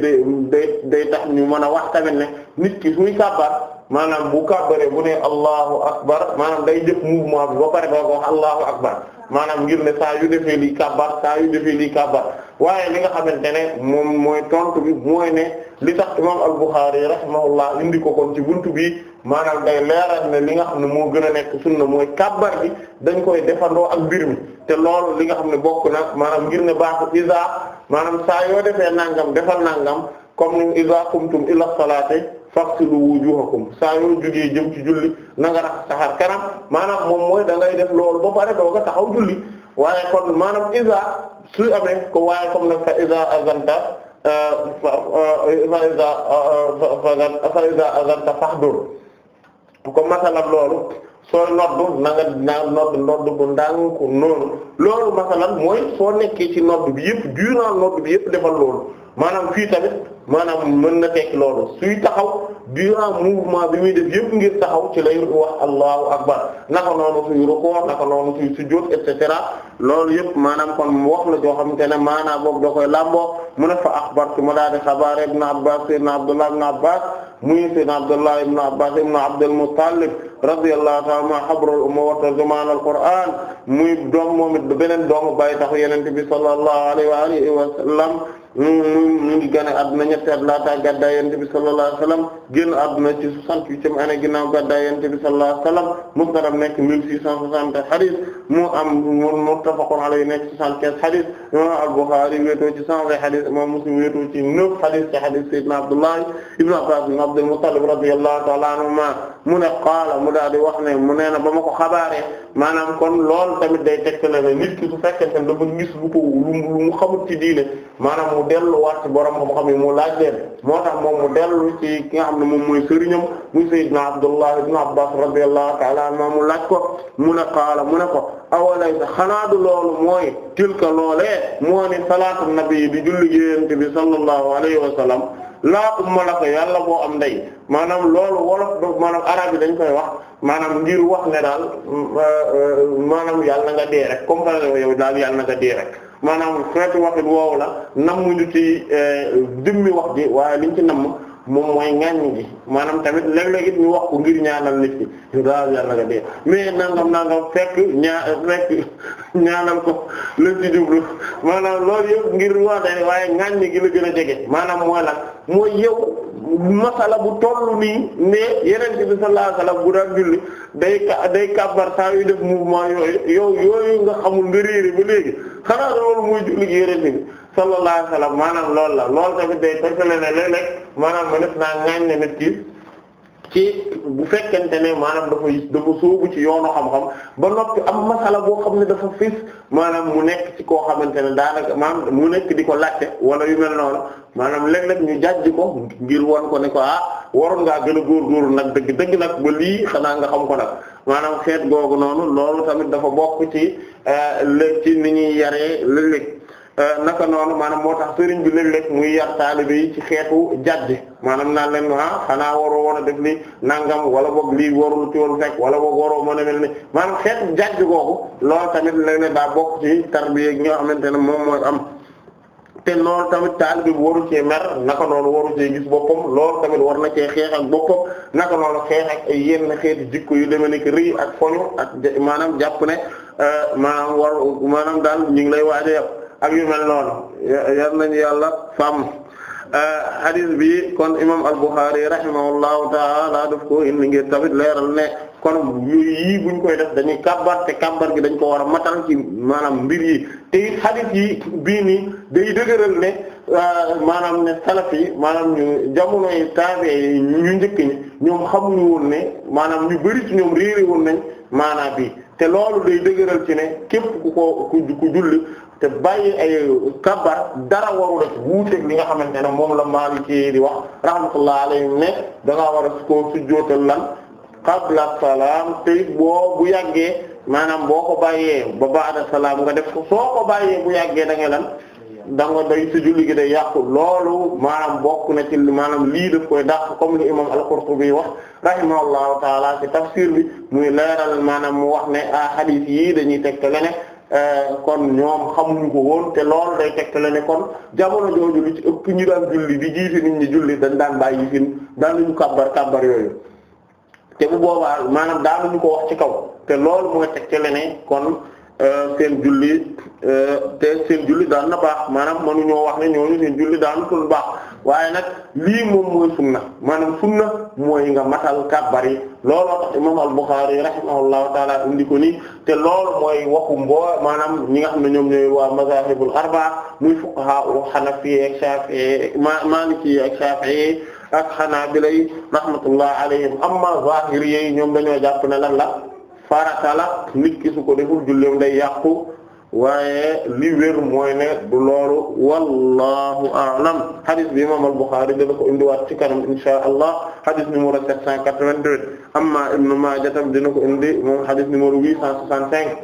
day day tax ñu mën a wax tamit ne nit ki suy kàbbar maanaam bu kàbbaree bu ne allahu akbar maanaam day def mouvement bi ba pare ba wax allahu akbar maanaam ngir ne saa yu defee lii kàbbar saa yu defee lii kàbbar waaye li nga xamante ne moom mooy tontu bi mooy ne li tax imam al-Bukhari rahimahullah indi ko kon ci bunt bi maanaam day leeral ne li nga xam ne moo gën a nekk sunna mooy kàbbar gi dañ koy defandoo ak biir mi te loolu li nga xam ne bokk na maanaam ngir ne baaxu isa maanaam saa yoo defee nangam defal nangam comme ni iza qumtum faghsilu wujuhakum saa yoo jógee jëm ci julli na nga raxas kanam maanaam moom mooy da ngay def loolu ba pare doo nga taxaw julli waaye kon maanaam isa su amee ko waaye comme nag fa isa azanta fa fa isa fa isa azanta fahdur ko masalan loolu sooy noddu na nga naa noddu noddu noonu loolu masalan mooy soo nekkee ci noddu bi yëpp durant noddu bi yëpp defal loolu maanaam fii tamit maanaam mën na tekki loolu suy taxaw durant mouvement bi muy def yëpp ngir taxaw ci lay wax allahu akbar naka noonu suy rukkoo naka noonu suy sujjóot et loolu yëpp maanaam kon mu wax la joo xamante ne maanaam boobu da koy làmboo mu ne fa axbar ci ma daa di xabaar ibn abbas ibn abdullah ibn abbas muy sayyidna abdullah ibn abbas ibn abdul muttalib radiyallahu ta'ala ma habrul umma wa tarjumaan al qur'an muy doom moom it beneen doomu bàyyi taxu yenente bi sallallahu alayhi wa alihi mu ngi gane adduna ñetti at laata gaddaa yonent bi sallallahu alayhi wa sallam génn adduna ci soixante-huitième année ginnaaw gaddaa yonent bi sallallahu alayhi wa sallam musnadam nekk mille six cent soixante hadis mu am muttafaqun alayhi nekk soixante-quinze hadis imam al-Bukhari wéetoo ci cent vingt hadis imam Muslim wéetoo ci neuf hadis ci hadis ibn Abbas ibn Abdul Muttalib radiyallahu ta'ala mu ne qaala mu daal di wax ne mu nee na ba ma ko xabaaree maanaam kon lool tamit day tegtale ne nit ki su fekkente ne dafa gis lu ko lu mu xamut ci mu delluwaat ci borom xam-xam yi mu laaj leen moo tax moom mu dellu ci ki nga xam ne moom muy sëriñam muy sayyidna Abdullah ibn Abbas radiyallahu ta'ala anhu mu laaj ko mu ne qaala mu ne ko awalaysa xanaa du loolu mooy tilka loolee moo ni salaatu nabi di julli yéente bi sallallahu alayhi wa sallam laa umma la ko yàlla boo am ndey maanaam loolu wolof maanaam arab yi dañ koy wax maanaam ngir wax ne daal euh, euh, maanaam yàlla nga dee rek comme yow daal yàlla nga dee rek maanaam xeetu waxit woowu la nammuñu ci eh, dimmi wax ji waaye liñ ci nam moom mooy ŋàññ gi maanaam tamit léeg-léeg it ñu wax ko ngir ñaanal nit ki daal yàlla nga dee mais nangam nangam fekk ñaa fekk ñaanal ko lañ ci jublu maanaam loolu yëpp ngir wax waaye ŋàññ gi la gën a jege maanaam mooy nag mooy yow masala bu tollu nii ne yeneen bi sallallahu alayhi wasallam bu daan julli day ka day kàbbar yu def mouvement yooyu yow yooyu nga xamul nga réere ba léegi xanaa loolu muy julli gi yeneen bi sallallahu alayhi wasallam maanaam lool la loolu tamit day toj ne léeg-léeg maanaam ma def naa ŋaañ ne nit ki. ci bu fekkente ne maanaam dafa dafa sóobu ci yoonu xam-xam ba noppi am masala boo xam ne dafa fis maanaam mu nekk ci koo xamante ne daanaka maanaam mu nekk di ko laajte wala yu mel noonu maanaam léeg-léeg ñu jàjj ko ngir won ko ne ko ah waroon ngaa gën a góorgóorlu nag dëgg dëgg nag ba lii xanaa nga xam ko nag maanaam xeet googu noonu loolu tamit dafa bokk ci euh, ci ni ñuy yaree léeg-léeg Euh, naka noonu maanaam moo tax sëriñ bi léeg lekk muy yar taalibe yi ci xeetu jàdde maanaam naan leen ah xanaa waroo woon a def li nangam wala boog lii warul ci woon fekk wala boog waroo mën a mel ni maanaam xeetu jàdde googu loolu tamit léeg-léeg daa bokk ci tarbiya gi nga xamante ne moom mooy am te loolu tamit taalibe bi waru cee mer naka noonu warul cee gis boppam loolu tamit war na cee xeex ak naka noonu xeex ak ay yenn xeeti jikko yu demee ni ak foñu ak maanaam jàpp ne euh, maanaam war maanaam daal ñu ngi lay waaj a ak yu mel noonu yar nañu yàlla fàmm euh, hadith bi kon imam al-Bukhari rahimahullahu taala daf ko indi ngir tamit leeral ne kon yii buñ koy def dañuy kàbbar te kàbbar gi dañ ko war a matal ci maanaam mbir yi te it hadith yi bii nii day dëgëral ne euh, maanaam ne salaf yi maanaam ñu jamono yi taabe yi ñu njëkk ñi ñoom xamuñu woon ne maanaam ñu bari ñoom réere woon nañ maanaa bi te loolu day dëgëral ci ne képp ku ko ku julli te bàyyi ay kabar dara waru la ci li nga xamante ne moom la Maliki di wax rahmatullah alayhi ne da war a koo sujjóotal lan qabla salaam te boo bu yàggee maanaam boo ko bàyyee ba ba'da salaam nga def ko soo ko bàyyee bu yàggee da nga lan danga day si julli gi day yàqu loolu maanaam bokk na ci maanaam lii daf koy dàq comme li imam al-Qurtubi wax rahimahullahu taala ci tafsir bi muy leeral maanaam mu wax ne a ah, hadith yii dañuy tegtale ne euh, kon ñoom xamuñu ko woon te lool day tegtale ne kon jamono jooju lu ci ëpp ñu daan julli di jiite nit ñi julli dañ daan bàyyi fi daan luñu kàbbar kàbbar yooyu te bu boobaa maanaam daanuñu ko wax ci kaw te loolu mooy tegtale ne kon. Euh, seen julli euh, te seen julli na baax maanaam manu ñoo wax ne ñooñu seen julli daan sul baax waaye nag lii moom mooy sunna maanaam sunna mooy nga matal kàbbar yi looloo tax imam al-Bukhari rahimahullahu taala indi ko nii te lool mooy waxu mboo maanaam ñi nga xam ne ñoom ñooy waa mazahibul arbaa muy fuqaha u hanafi ak shafi'i maliki ak shafi'i ak hanabila rahmatullah alayhim amma zahiri yi ñoom dañoo jàpp ne lan la farata la nit ki su ko deful julleem day yàqu waaye li wér mooy ne du loolu wallahu a'lam hadith bi imam al-Bukhari dana ko indiwaat ci kanam insha allah hadith numéro 788 amma ibnu Maaja tam dina ko indi moom hadith numéro 865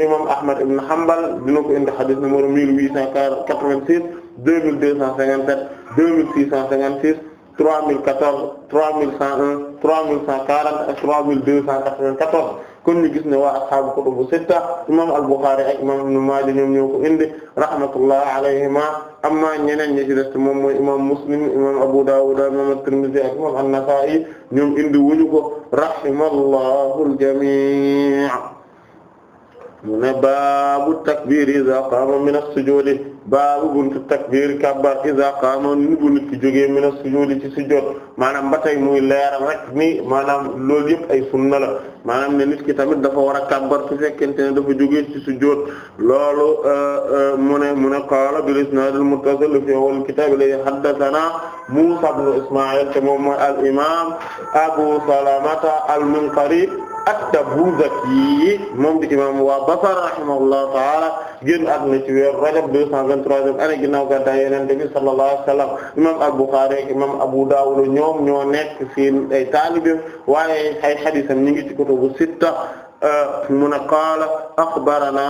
imam Ahmad ibn Hanbal dina ko indi hadith numéro 1886 2257 2656 3014 3101 3140 ak 3294 kon ñu gis ne waa ashaabu kutubu sitta imam al-Bukhari ak imam Ibn Maaja ñoom ñoo ko indi rahmatullah alayhima amma ñeneen ñi ci des moom mooy imam Muslim imam Abu Dawud imam at-Tirmidhi ak imam an-Nasa'i ñoom indi wuñu ko rahimallahu al-jami' mu ne baabu takbir iza qaama min as-sujud baabu buntu takbiir kabbar iza qaama nu bu nit ki jógee min as-sujuud ci sujood maanaam ba tey muy leeral rek ni maanaam loolu yëpp ay sunna la maanaam ne nit ki tamit dafa war a kabbar su fekkente ne dafa jógee ci sujood loolu euh, euh, mu ne mu ne qaala bil isnaad al-muttasil fi awwal kitaab li haddathanaa Muusaa ibn Ismaa'iil te moom mooy al imaam Abu Salamata al-Minqari at-Tabuzaki moom di imam waa Basra rahimahullahu ta'ala génn àdduna ci weeru Rajab 223e année ginnaaw gàddaay Yonent bi sallallahu alayhi wa sallam imam al-Bukhari ak imam Abu Dawud ñoom ñoo nekk seen ay taalibe waaye ay hadiisam ñu ngi ci kutubu sitta mun a qaala axbarana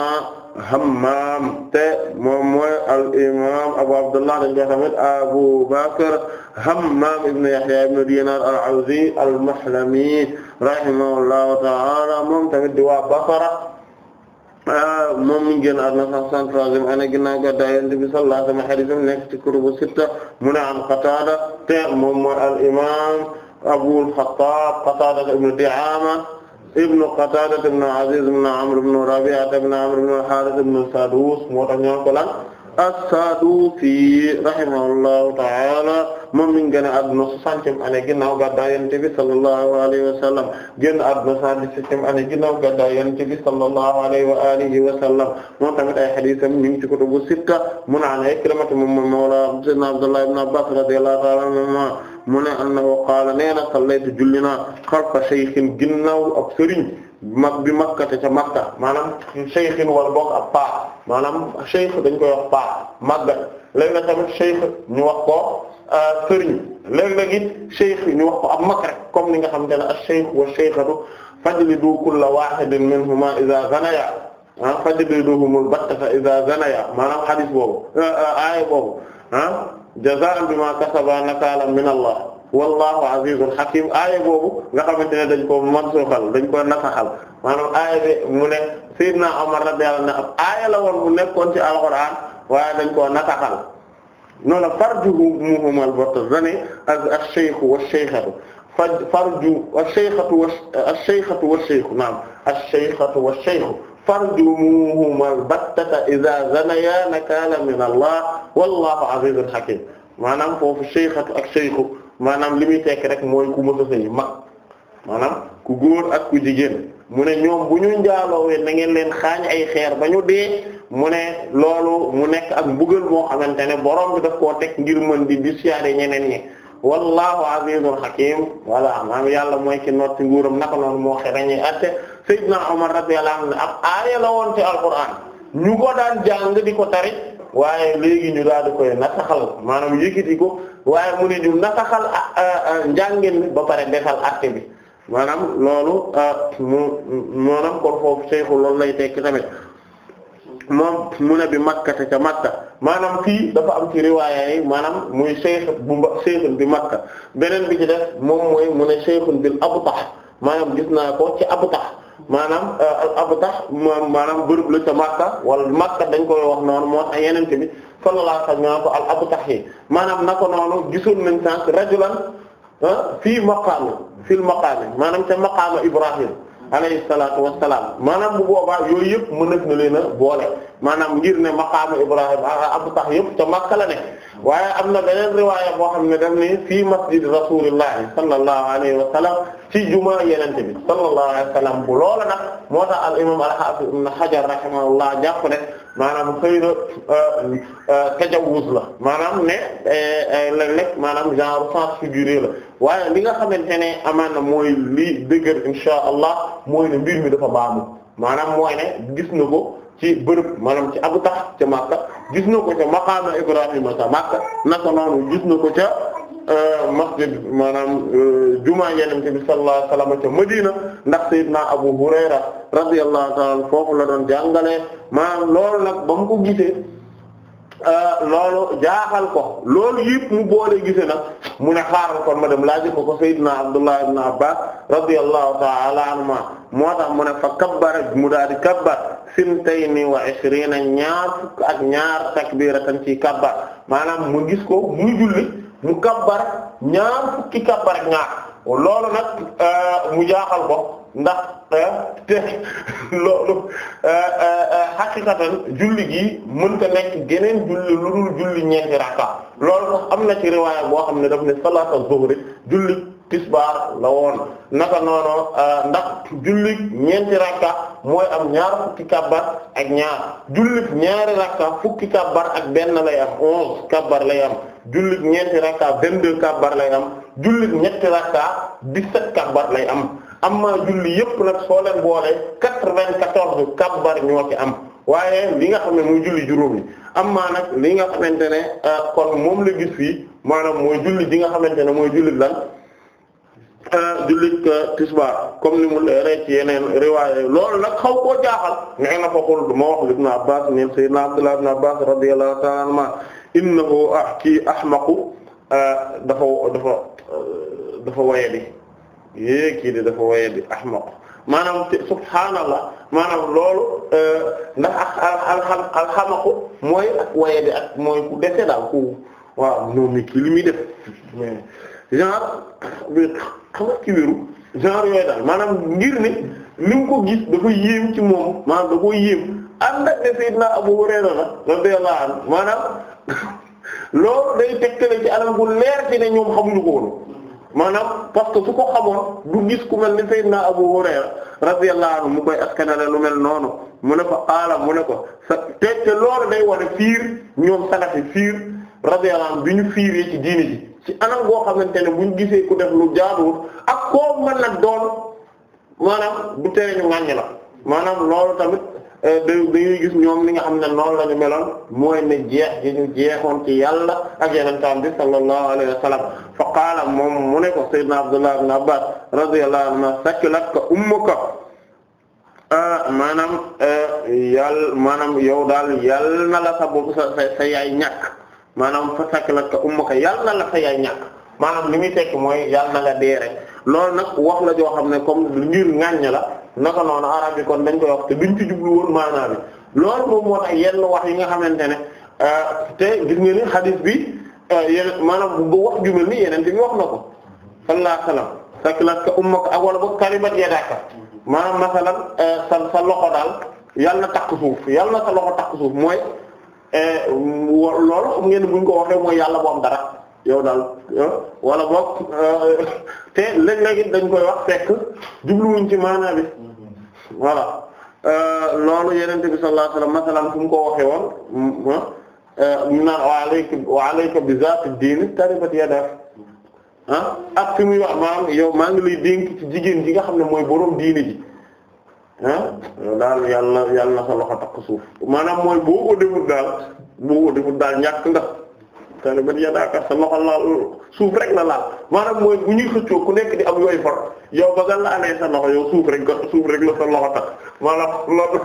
Hammaam te moom mooy al imaam Abu Abdullah dañu koy tamit Abu Bakr Hammaam ibn Yahya ibn Dinar al-Awzi al-Mahlami rahimahullahu ta'ala moom tamit di waa Basra ah, moom mi ngi génn àdduna 163e année ginnaaw gàddaay Yonent bi sallallahu alayhi wa sallam hadiisam nekk ci kutubu sitta mu ne an Qataada te moom mooy al imaam Abul Khattaab Qataada ibn Di'aama ibnu Qataada ibnu Aziz ibnu Amr ibnu Rabi'a ibnu Amr ibnu al-Haaris ibnu Saduus moo tax ñu ko lan as-Sadusi rahimahullahu ta'ala moom mi ngi génn àdduna soixantième année ginnaaw gàddaay Yonent bi sallallahu alayhi wa sallam génn àdduna cent dix-septième année ginnaaw gàddaay Yonent bi sallallahu alayhi wa alihi wa sallam moom tamit ay hadiisam ñu ngi ci kutubu sitta mun an Ikrima moom mawla sayyidina Abdullah ibn Abbas radiyallahu ta'ala anhuma mu ne annahu qaala nee na sallaytu julli naa xalfa shaykhin ginnaaw ak sëriñ mag bi makkate ca makka maanaam cheikhin wala bokk ab paax maanaam cheikh dañ koy wax paax màggat léegi nag tamit cheikh ñu wax ko euh, sëriñ léeg-léeg it cheikh ñu wax ko ab mag rek comme ni nga xamante ne ash-shaykh wa shaykhatu fajlidu kulla wahidin minhuma idha zanaya ah fajliduhumul battata idha zanaya maanaam hadith boobu euh, euh, aaya boobu ah jazaa'an bima kasaba nakaalan min Allah wallahu azizun hakim aaya boobu nga xamante ne dañ ko mansuxal dañ ko nasaxal maanaam aaya bi mu ne sayyidna Umar radiyallahu anhu aaya la woon mu nekkoon ci alquran waaye dañ ko nasaxal noonu la farjuhumuhuma al-battazani ash-shaykhu wash-shaykhatu farju ash-shaykhatu wash-shaykhatu wash-shaykhu naam ash-shaykhatu wash-shaykhu farjumuhuma al-battata idha zanaya nakala min Allah wallahu azizun hakim maanaam foofu shaykhatu ak shaykhu maanaam li muy tekki rek mooy ku mës a sëy mag maanaam ku góor ak ku jigéen mu ne ñoom bu ñu njaaloowee na ngeen leen xaañ ay xeer ba ñu dee mu ne loolu mu nekk ak mbugal moo xamante ne borom bi daf koo teg ngir mën di di siyaare ñeneen ñi wallahu azizun hakim am maam yàlla mooy ki notti nguuram naka noonu moo xereñi atte sayyidna Umar radiyallahu anhu ab aaya la woon ci alquran ñu ko daan jàng di ko tari waaye léegi ñu daal di koy nasaxal maanaam yëkkati ko waaye mu ne ñu nasaxal ah, ah, ah, njàngil mi ba pare defal acte bi maanaam loolu mu maanaam kon foofu Seexu loolu lay tekki tamit moom mu ne bi Makka te ca Makka maanaam fii dafa am ci riwaaya yi maanaam muy Seex bu bi Makka beneen bi ci def moom mooy mu ne Seexun bil Abtah maanaam gis naa ko ci Abtah maanaam euh, abtah maanaam bërëb la ca Makka wala Makka dañ koy wax noonu moo tax yeneen bi sallallahu alayhi wa sallam ñaan ko al abtah yi maanaam nako noonu gisoon nañ sànq rajulan ah, fii maqaami fil maqaami maanaam ca maqaama Ibrahim alayhi salaatu wassalaam maanaam bu boobaa yooyu yëpp mënees na leen a boole maanaam ngir ne maqaamu Ibrahim ah, ah, abu sax yëpp ca Makka la ne waaye am na beneen riwaaya boo xam ne daf ni fii masjid rasulillahi sallallahu alayhi wa sallam ci jumaa yenente bi sallallahu alayhi wa sallam bu loola nag moo tax al imam al-Hafiz ibn Hajar rahimahullah jàpp ne maanaam xëy na euh, euh, tajawuz la maanaam ne euh, léeg-léeg maanaam genre sens figuré la waaye li nga xamante ne amaan na mooy li dëgër insha allah mooy ne mbir mi dafa baamu maanaam mooy ne gis na ko ci bërëb maanaam ci abu tax ca Makka gis na ko ca maqaama Ibrahima ca na naka noonu gis na ko ca Euh, masjid maanaam euh, jumaa Yonent bi sallallahu alayhi wa sallam ca Madina ndax Seydina Abu Hurayra radiyallahu ta'ala foofu la doon jàngale maanaam lool nag ba mu ko gisee euh, loolu jaaxal ko loolu yëpp mu boole gisee nag mu ne xaaral kon ma dem laaj ko ko Seydina Abdullah ibn Abbas radiyallahu ta'ala anhuma moo tax mu ne fa kabbara mu daal di kabbar sintayni wa ishrina ñaar fukk ak ñaar takbiratan ci kabbar maanaam mu gis ko mu julli mu kabbar ñaar fukki kabbar ak ñaar loolu nag euh, mu jaaxal ko ndax euh, te loolu euh, xaqiqatan julli gi mënta nekk geneen julli lu dul julli ñeenti rakka loolu sax am na ci riwaaya boo xam ne daf ne salaata zuhri julli tisbaar la woon naka noonu ndax julli ñeenti rakka mooy am ñaar fukki kabbar ak ñaar julli ñaari rakka fukki kabbar ak benn lay onze kabbar lay jullit ñeenti rakka vingt-deux kabbar lay am jullit ñetti rakka dix-sept lay am amma julli yépp nag soo leen boole quatre-vingt-quatorze kabbar ñoo ci am waaye li nga xam ne mooy julli juróom yi amma nag lii nga xamante ne euh, kon moom la gis fii maanaam mooy julli ji nga xamante ne mooy jullit lan euh, jullit euh, tisbaar comme ni mu leeree ci yeneen riwaayé lool nag xaw koo jaaxal nee na fa xul ma wax Ibn Abbas ne Sayyidina Abdullah ibn Abbas radiyallahu innahu ah kii ahmaqu ah, dafa dafa dafa wayadi yée kii de dafa wayadi ahmaqu maanaam subhaanallah maanaam loolu eh, ndax alxam ah, alxamaqu mooy ak wayadi ak mooy ku dese daal ku waaw noonu mi kii li muy def genre xam nga ci wéru genre yooyu daal maanaam ngir ni mu ko gis dafa yéem ci moom maanaam da ko ànd ak ne Seydina Abu Hurayra la radiyallahu anhu maanaam loolu day tegtale ci anam bu leer ci ne ñoom xamuñu ko woon maanaam parce que su ko xamoon du gis ku mel ni Seydina Abu Hurayra radiyallahu anhu mu koy askanale lu mel noonu mu ne ko aala mu ne ko sa te te loolu day wane fiir ñoom salafi fiir radiyallahu anhu bi ñu fiiree ci diini ji ci anam boo xamante ne buñ gisee ku def lu jaaduwul ak koo mën na doon maanaam du tere ñu ŋàññ la loolu tamit Euh, dañuy gis ñoom li nga xam ne noonu la ñu meloon mooy ne jeex gi ñu jeexoon ci yàlla ak yenentaan bi sallallahu alayhi wa sallam fa qaala moom mu ne ko sayyidna Abdullah ibn Abbas radiyallahu anhuma sakilatka ummuka euh, maanaam euh, yàlla maanaam yow daal yàlla na la sa sa sa yaay ñàkk maanaam fa sakilatka ummuka yàlla na la sa yaay ñàkk maanaam li muy tekki mooy yàlla na la dee rek loolu nag wax la joo xam ne comme ngir ŋàññ la naka noonu arab yi kon dañ koy wax te duñ ci jublu woon maanaa bi loolu moom moo tax yenn wax yi nga xamante ne euh, te gis nga ni bi euh, maanaam bu ju mel ni yeneen bi wax na ko sallallahu alayhi wasallam sakilatka ummaka ak wala boog karibat yadaka maanaam masalan euh, sa sa loxo daal yàlla na takk suuf yàlla na sa loxo takk suuf mooy loolu xam ngeen buñ ko waxee mooy yàlla bu am dara yow daal ah, wala boog ah, te léeg-léeg it dañ koy wax fekk jubluwuñ ci maanaa bi voilà yeneen euh, yenente bi sallallahu alayhi wasallam masalan fu mu ko waxee woon mu ah, wa wa alayka bi zaati diini taribat yadak ah ak fi muy wax maanaam yow maa ngi lay dénk ci jigéen ji nga xam ne mooy boroom diini ji ah yow daal yàlla na sa loxo takk suuf maanaam mooy boo ko deful daal boo ko daal ñàkk nga tani bat yadaaka sa loxo laal suuf rek la laal maanaam mooy bu ñuy xëccoo ku nekk di am yooyu for yow ba nga laalee sa loxo yow suuf rek suuf rek la sa loxo tax maanaam loolu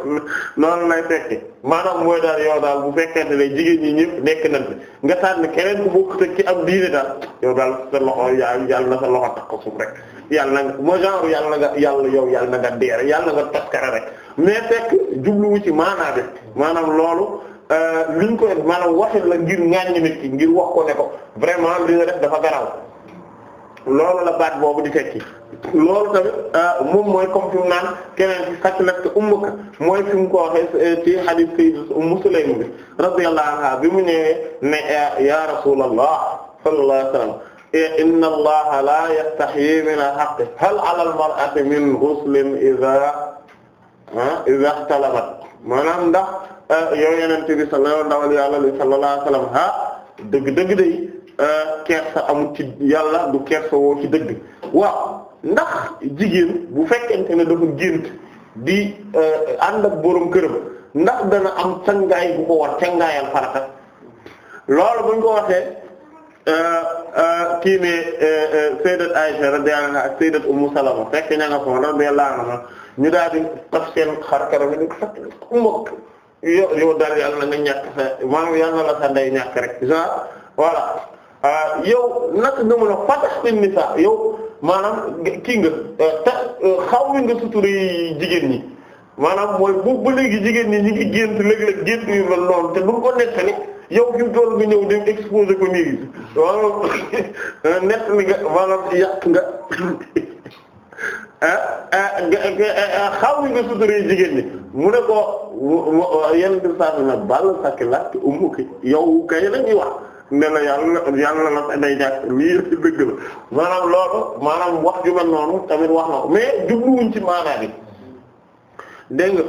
loolu lay tekki maanaam mooy daal bu fekkente ne jigéen ñi ñëpp nekk nañ fi nga tànn keneen ku bokk te ki am diine daal yow daal sa loxo yaa yàlla na sa loxo ko suuf rek yàlla na moo genre yàlla na nga yàlla yow yàlla na nga deer yàlla na nga taskara rek mais fekk jubluwu ci maanaa bi maanaam loolu Euh, li ñu koy maanaam waxin la ngir ŋaññi nit ki ngir wax ko ne ko vraiment li nga def dafa garaw loolu la baat boobu di tekki loolu tamit euh, moom mooy comme fi mu naan keneen ci xacc nag te ummuka mooy fi mu ko waxee euh, ci hadith sayyidatu Ummu Sulaym bi radiyallahu anha bi mu ñëwee ne ya rasulallah sallallahu alayhi wa sallam inna allaha la yastahyi min al-haqqi hal ala al-mar'ati min ghuslin idha idha ihtalamat maanaam ndax Ah, yow yenente bi sallallahu ndawal yàlla li sallallahu alayhi wasallam ha ah, dëgg dëgg day ah, kersa amul ci yàlla du kersa woo ci dëgg waaw ndax jigéen bu fekkente ne dafa gént di ànd ak borom këram ndax dana am cangaay bu ko war cangaayal farata loolu buñ ko waxee kii ne eh, eh, sayyidat Aisha radiyallahu anha ak sayyidat Ummu Salama fekk ña nga fa radiyallahu anha ñu daal taf seen xar kanam ni ko fekk yow yow daal yàlla na nga ñàkk sa maanaam yàlla na la sa ndey ñàkk rek genre voilà euh, yow naka nga mën a fatax ni sa yow maanaam kii nga euh, ta euh, xaw wi nga sutura jigéen ñi maanaam mooy bu ba léegi jigéen ñi ñu ngi gént léeg-léeg gént yu mel noonu te duñ ko nettali yow fi mu toll bi ñëw dem exposé ko nii maanaam nett li nga maanaam yàq nga xaw nga suturee jigéen ñi mu ne ko yenn bi saa na bal sakki la te ummu ki yow kay la ñuy wax ne la yàlla yàlla la sa day jàkk lii yëpp dëgg la maanaam loolu maanaam wax ju mel noonu tamit wax na ko mais jubluwuñ ci maanaa bi dégg nga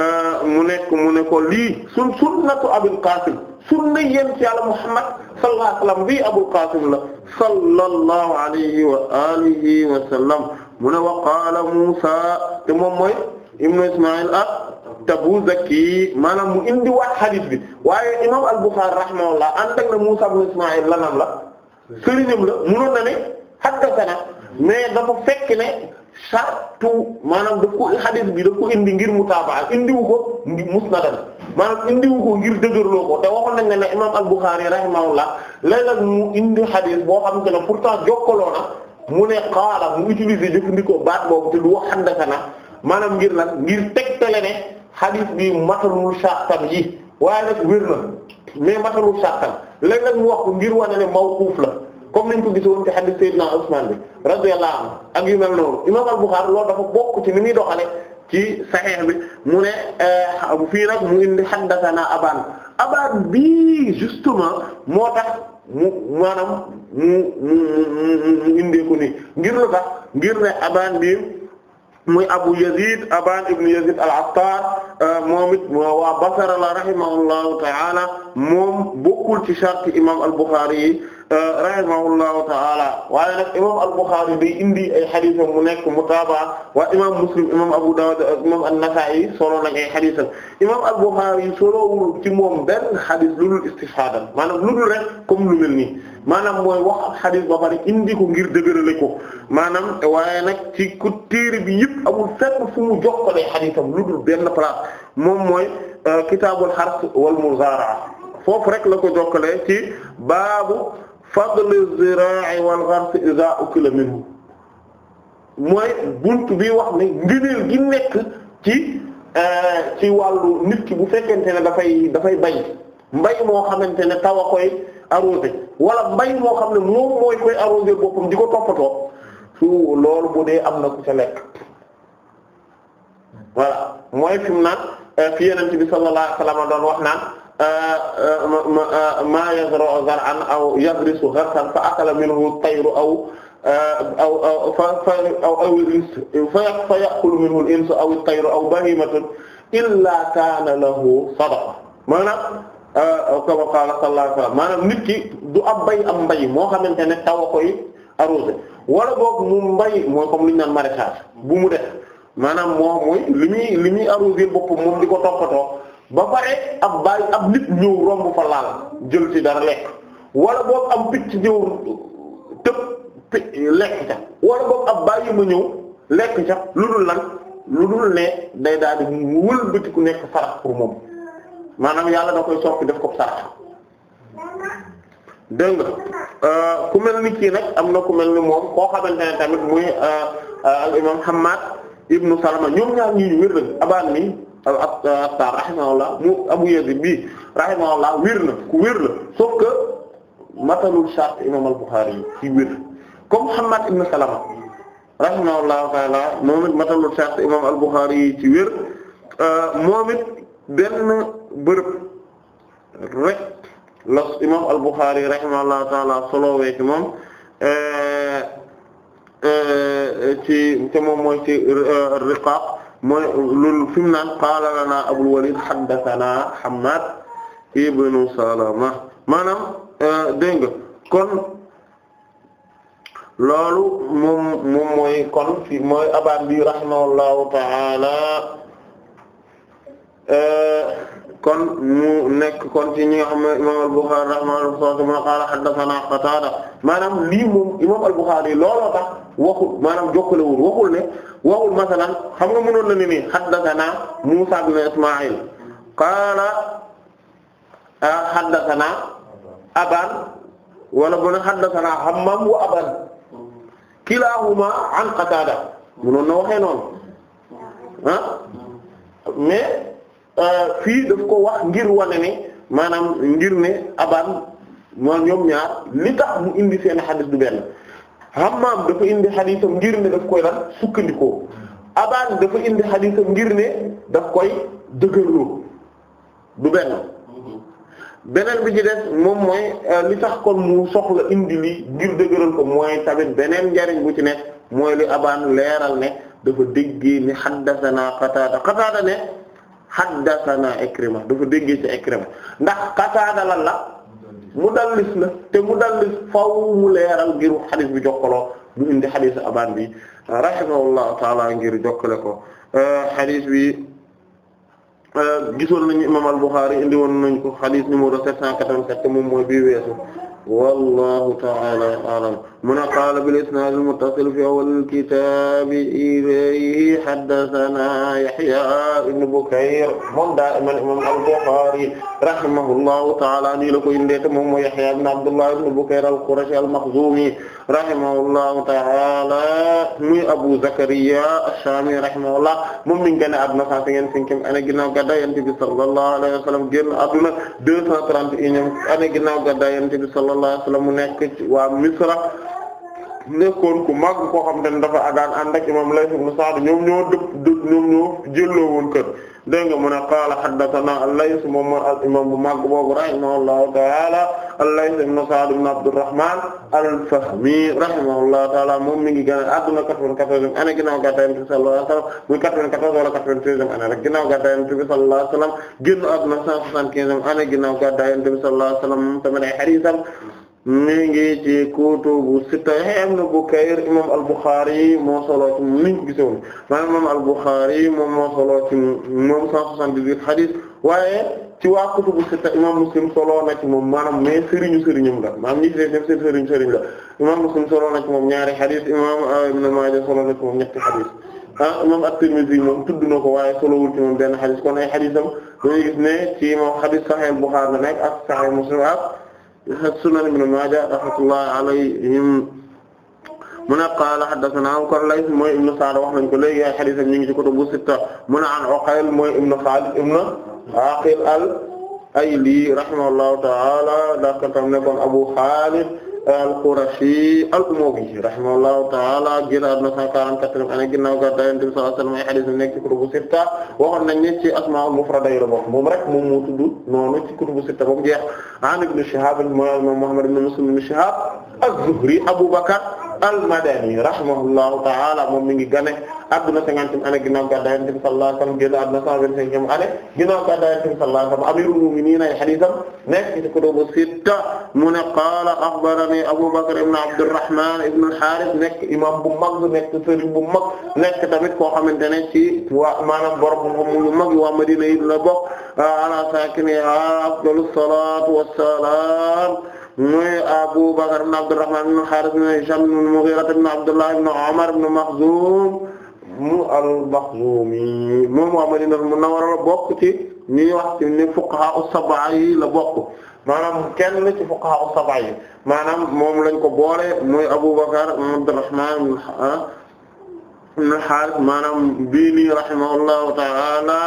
euh, mu nekk mu ne ko lii sun sunnatu Abul Qasim sunna yéen ci yàlla Muhammad sallallahu alayhi wa sallam bi Abul Qasim la sallallahu alayhi wa alihi wa sallam mu ne wa qaala Muusaa te moom mooy ibnu Ismaïl at-Tabuzaki maanaam mu indi waat hadith bi waaye imaam al-Bukhari rahimahullah ànd ak na Muusaa la Ismaïl lanam la sëriñam la munoon na ne haddathana mais dafa fekk ne sartu maanaam daf ko hadith bi daf ko indi ngir mutaabaa indiwu ko musnadan maanaam indiwu ko ngir dëgërloo ko te waxoon nañ ne ne imaam al-Bukhari rahimahullah léeg-léeg mu indi hadith boo xam te ne pourtant jokkaloo na mu ne xaala mu utilisé jëfandikoo baat boobu te du wax xandasana maanaam ngir nag ngir tegtale ne xadis bi matalul sartan yi waaye nag wér na mais matalul sartan léegi nag mu wax ko ngir wane ne mawquuf la comme nañ ko gisoon ci xadis Seydina Usmaan bi radiyallahu anhu ak yu mel noonu imaam al-Bukhari lool dafa bokk ci ni muy doxale ci saxiix bi mu ne eh, fii nag mu indi xandasana abaan abaan bii justement moo tax mu maanaam mu mu mu ngir lu ngir ne abaan bi muy Abu Yazid Aban ibn Yazid al-Attar euh, moom it waa Basra la rahimahullahu ta'ala moom bokkul ci sharti imam al-Bukhari yi rahimahullahu ta'ala waaye nag imam al-Bukhari day indi ay xadisam mu nekk mu mutaaba waa imam Muslim imam Abu Dawud imam an-Nasa'i solo nañ ay xadisam imam al-Bukhari solowul ci moom benn xadis lu dul istishhaadan maanaam lu dul rek comme lu mel nii maanaam mooy wax ak xadis ba indi ko ngir dëgërale ko maanaam waaye nag ci ku bi yëpp amul fenn fu mu jox ko lu dul benn place moom mooy euh, kitaabul harth wal muzaara'a foofu rek la ko jokkale ci fadl az-ziraa' wal gharsi idha ukila mooy bunt bi wax ne ngëneel gi nekk ci euh, ci wàllu nit ki bu fekkente ne dafay dafay bañ mbay moo xamante ne taw a koy arrosé wala mbay moo xam ne moom mooy koy arrosé boppam di ko toppatoo su loolu bu dee am na ku ca lekk voilà mooy fi mu euh, fi yeneen bi sallallahu alayhi wasallam doon wax naan ma yazra'u zar'an aw yahrisu gharsan fa akala minhu at-tayru aw aw fa fa aw fa ya'kulu minhu al-insu aw at-tayru aw bahimatun illa kaana lahu sadaqa maanaam kama qaala sallallahu alayhi wa sallam maanaam nit ki du ab bay am mbay moo xamante ne taw a koy arrosé wala boog mu mbay mooy comme li ñu naan maraîchage bu mu def maanaam moo mooy li muy li muy arrosé boppam moom di ko toppatoo ba pare ab bàyyi ab lit ñëw romb fa laal jël ci dara lekk wala boog am picc ñëw tëb lekk ca wala boog ab bàyyi ma ñëw lekk ca lu dul lan lu dul ne day daal di wul bëti ku nekk sarax pour moom maanaam yàlla da koy soppi def ko sarax dégg nga euh, ku mel ni kii nag am na ku mel ni moom koo xamante ne tamit muy euh, euh, al imam Hammad ibnu Salama ñoom ñaar ñii wér nañ abaan mi Attar rahimahullah mu Abu Yazid bii rahimahullah wér na ku wér la sauf que matalul shart imam al-Bukhari yi ci wér comme Muhammad ibn Salama rahimahullahu imam al ci wér euh, moom it benn rek la imam al-Bukhari rahimahullahu taala solowee ci moom euh, euh, ci te mooy loolu fi mu naan qaala lanaa Abul Walid haddathanaa Hammaad ibnu Salama maanaam euh, dégg nga kon loolu moom moom mooy kon fi mooy abaan bi rahimahullahu ta'ala euh, kon mu nekk kon ci ñi nga xam ne al-Bukhari rahimahullahu al-Bukhari looloo tax waxul maanaam jokkalewul waxul ne xam nga mënoon na ni nii haddathana Musa ibn Isma'il qaala haddathana Aban wala bu ne haddathana Hammam wa Aban kilahuma an Qatada mënoon na waxee ah, mais Euh, fii daf ko wax ngir wane ne maanaam ngir ne abaan moo ñoom ñaar li tax mu indi seen xadis du benn Hammam dafa indi xadisam ngir ne daf koy lan sukkandikoo abaan dafa indi xadisam ngir ne daf koy dëgërloo du benn beneen bi ci des moom mooy euh, li tax kon mu soxla indi li ngir dëgëral ko mooy tamit beneen njariñ bu ci nekk mooy li abaan leeral ne dafa déggee ni xaddasana Qataada Qataada ne haddathana Ikrima dafa déggee ci Ikrima ndax Qataada lan mu mudallis la te mudallis faaw mu leeral ngir xadis bi jokkaloo du indi xadis abaan bi rahimahullahu taala ngir jokkale ko euh, xadis bi euh, gisoon nañu imam al-Bukhari indi woon nañ ko xadis numéro 787 moom mooy bii weesu wallahu taala alam mun a qaala bil isnaad al muttasil fi awwal al kitaab ilayhi haddasanaa Yahyaa ibn Bukayr moom daa'iman imaam al Buxaari rahimahullahu ta'aalaa nii la ko indee te moom mooy Yahyaa ibn Abdullah ibn Bukayr al Qurashi al Makhzuumi rahimahullahu ta'aalaa muy Abu Zakariyaa ash-Shaami rahimahullah moom mi ngi génn àdduna 155 année ginnaaw gàddaay Yonent bi sallallahu alayhi wa sallam génn àdduna 231 année ginnaaw gàddaay Yonent bi sallallahu alayhi wa sallam mu nekk waa Misra nekkoon ku mag koo xam te ne dafa daan ànd ak imam Layth ibn Sa'd ñoom ñoo dëpp dëpp ñoom ñoo jëlloo woon kër dégg nga mu ne qaala haddathanaa al-Layth moom mooy al imam bu mag boobu rahimahullahu ta'ala al-Layth ibn Sa'd ibn Abdurrahman al-Fahmi rahimahullahu ta'ala moom mi ngi gën a adduna 94e année ginnaaw gàddaay Yonent bi sallallahu alayhi wa sallam muy 94 wala mi ngi ci kutubu sitta ibn Bukayr imam al-Bukhari moo solo ci niñ gisoon maanaam imam al-Bukhari moom moo solo ci moom 178 hadith waaye ci waa kutubu sitta imam Muslim solo na ci moom maanaam mais sëriñu sëriñum la maanaam ñi ci def def sëriñu sëriñ la imam Muslim solo na ci moom ñaari hadith imam ah, Ibn Maaja solo na ci moom ñetti hadith ah imam At-Tirmidhi moom tudd na ko waaye solowul ci moom benn hadith kon ay haditham ne ci moom hadith Sahih al-Bukhari la nekk ak Sahih Muslim ak Sunan Ibn Maaja rahmatullahi alayhim mu ne qaala haddathana kon Layth mooy ibnu Sa'd wax nañ ko léegi ay hadiis ñu ngi ci kutubu sitta mu ne an Uqayl mooy ibnu Khalid ibnu Aqil al-Ayli rahimahullahu ta'ala dafa tam nekkoon Abu Khalid al-Qurashi al-Umawi rahimahullahu ta'ala gënaat na 144 ane ginnaaw gàddaay Yonent bi sallallahu alayhi wa sallam ay hadiis nekk ci kutubu sitta waxoon nañ ne ci asmaa'ul mufrada yi la bokk moom rek moom moo tudd noonu ci kutubu sitta boobu jeex an Ibn Shihab Muhammad ibn Muslim ibn Shihab az-Zuhri Abu Bakr al-Madani rahimahullahu ta'ala moom mi ngi gane adduna cinquantième année ginnaaw gàddaay Yonent bi sallallahu alayhi wasallam génn adduna cent vingt-cinquième année ginnaaw gàddaay Yonent bi sallallahu alayhi wasallam amirul mu'minin ay haditham nekk ci kutubu sitta mu ne qaala Abu Bakr ibn Abdurrahman ibn al-Harith nekk imam bu mag nekk sëriñ bu nekk tamit koo xamante ne ci waa maanaam borom xam-xam yu mag yi waa Madina yi la bokk ala saakinihaa afdalu salaatu wassalaam mooy Abu Bakr ibn Abdurrahman ibn Harith ibn Hisham ibn Mughira ibn Abdullah ibn Umar ibn Makhzum mu al-Makhzumi moom waa Madina al-Munawwara la bokk ci ñi wax ci ni fuqaha as-sab'a yi la bokk maanaam kenn la ci fuqaha as-sab'a yi maanaam moom lañ ko boole mooy Abu Bakr ibn Abdurrahman ibn Harith maanaam bii nii rahimahullahu ta'ala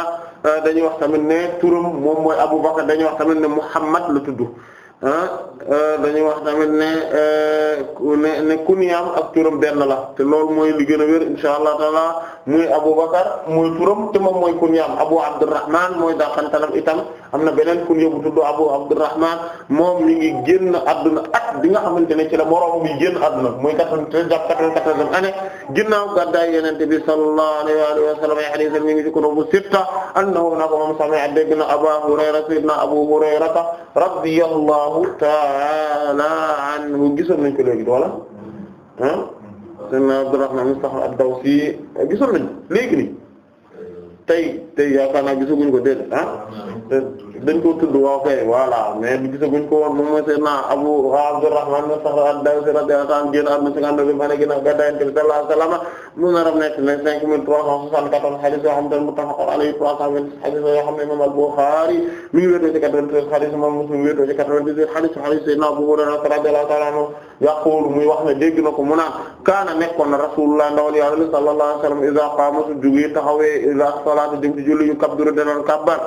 dañuy wax tamit ne turam moom mooy Abu Bakr dañuy wax tamit ne Muhammad la tudd. Euh, dañuy wax tamit ne euh, ne ne kunyaam ak turam benn la te loolu mooy li gën a wér insha allah taala abu Aboubacar muy turam te moom mooy kunyaam Abou Abdurrahman mooy dàqantalam itam am na beneen kunya bu tudd Abou Abdurrahman moom mi ngi génn adduna at bi nga xamante ne ci la moroom mi génn adduna mooy quatre-vingt-treize jàpp quatre-vingt-quatorzième année ginnaaw gàddaay Yonent bi sallallahu alayhi wa sallam ay hadiis mi ngi ci kutubu sitta annahu na ko moom sami'a dégg na Abaa Hurayra sayyidina Abu Hurayra radiyallahu ta'ala anhu gisoon nañ ko léegi wala ah seen Abdurrahman ibn Sakhr ad-Dawsi gisoon nañ léegi nii tey tey yaakaar naa gisaguñ ko déedéet ah dañ ko tudd waaw kay voilà mais gisaguñ ko woon moom mooy Seydina Abu Abdurrahman ibn Sakhr ad-Dawsi radiyallahu anhu génn àdduna cinquante-neuvième année ginnaaw gàddaay Yonent bi sallallahu alayhi wa sallam mu nar a nekk cinq mille trois cent soixante-quatorze hadith yoo xam ne muttafaqun alayhi trois cent vingt hadith yoo xam ne moom al-Bukhari mi ngi quatre-vingt-treize hadith moom Muslim wéetoo ci quatre-vingt-dix-huit hadith hadith Seydina Abu yaqulu muy wax ne dégg na ko mu naan kaana nekkoon na rasulullah ndawal yàlla sallallahu alayhi wasallam iza qaama su jógee taxawee ila salaati jëm ci julli yu kabbiru danoon kabbar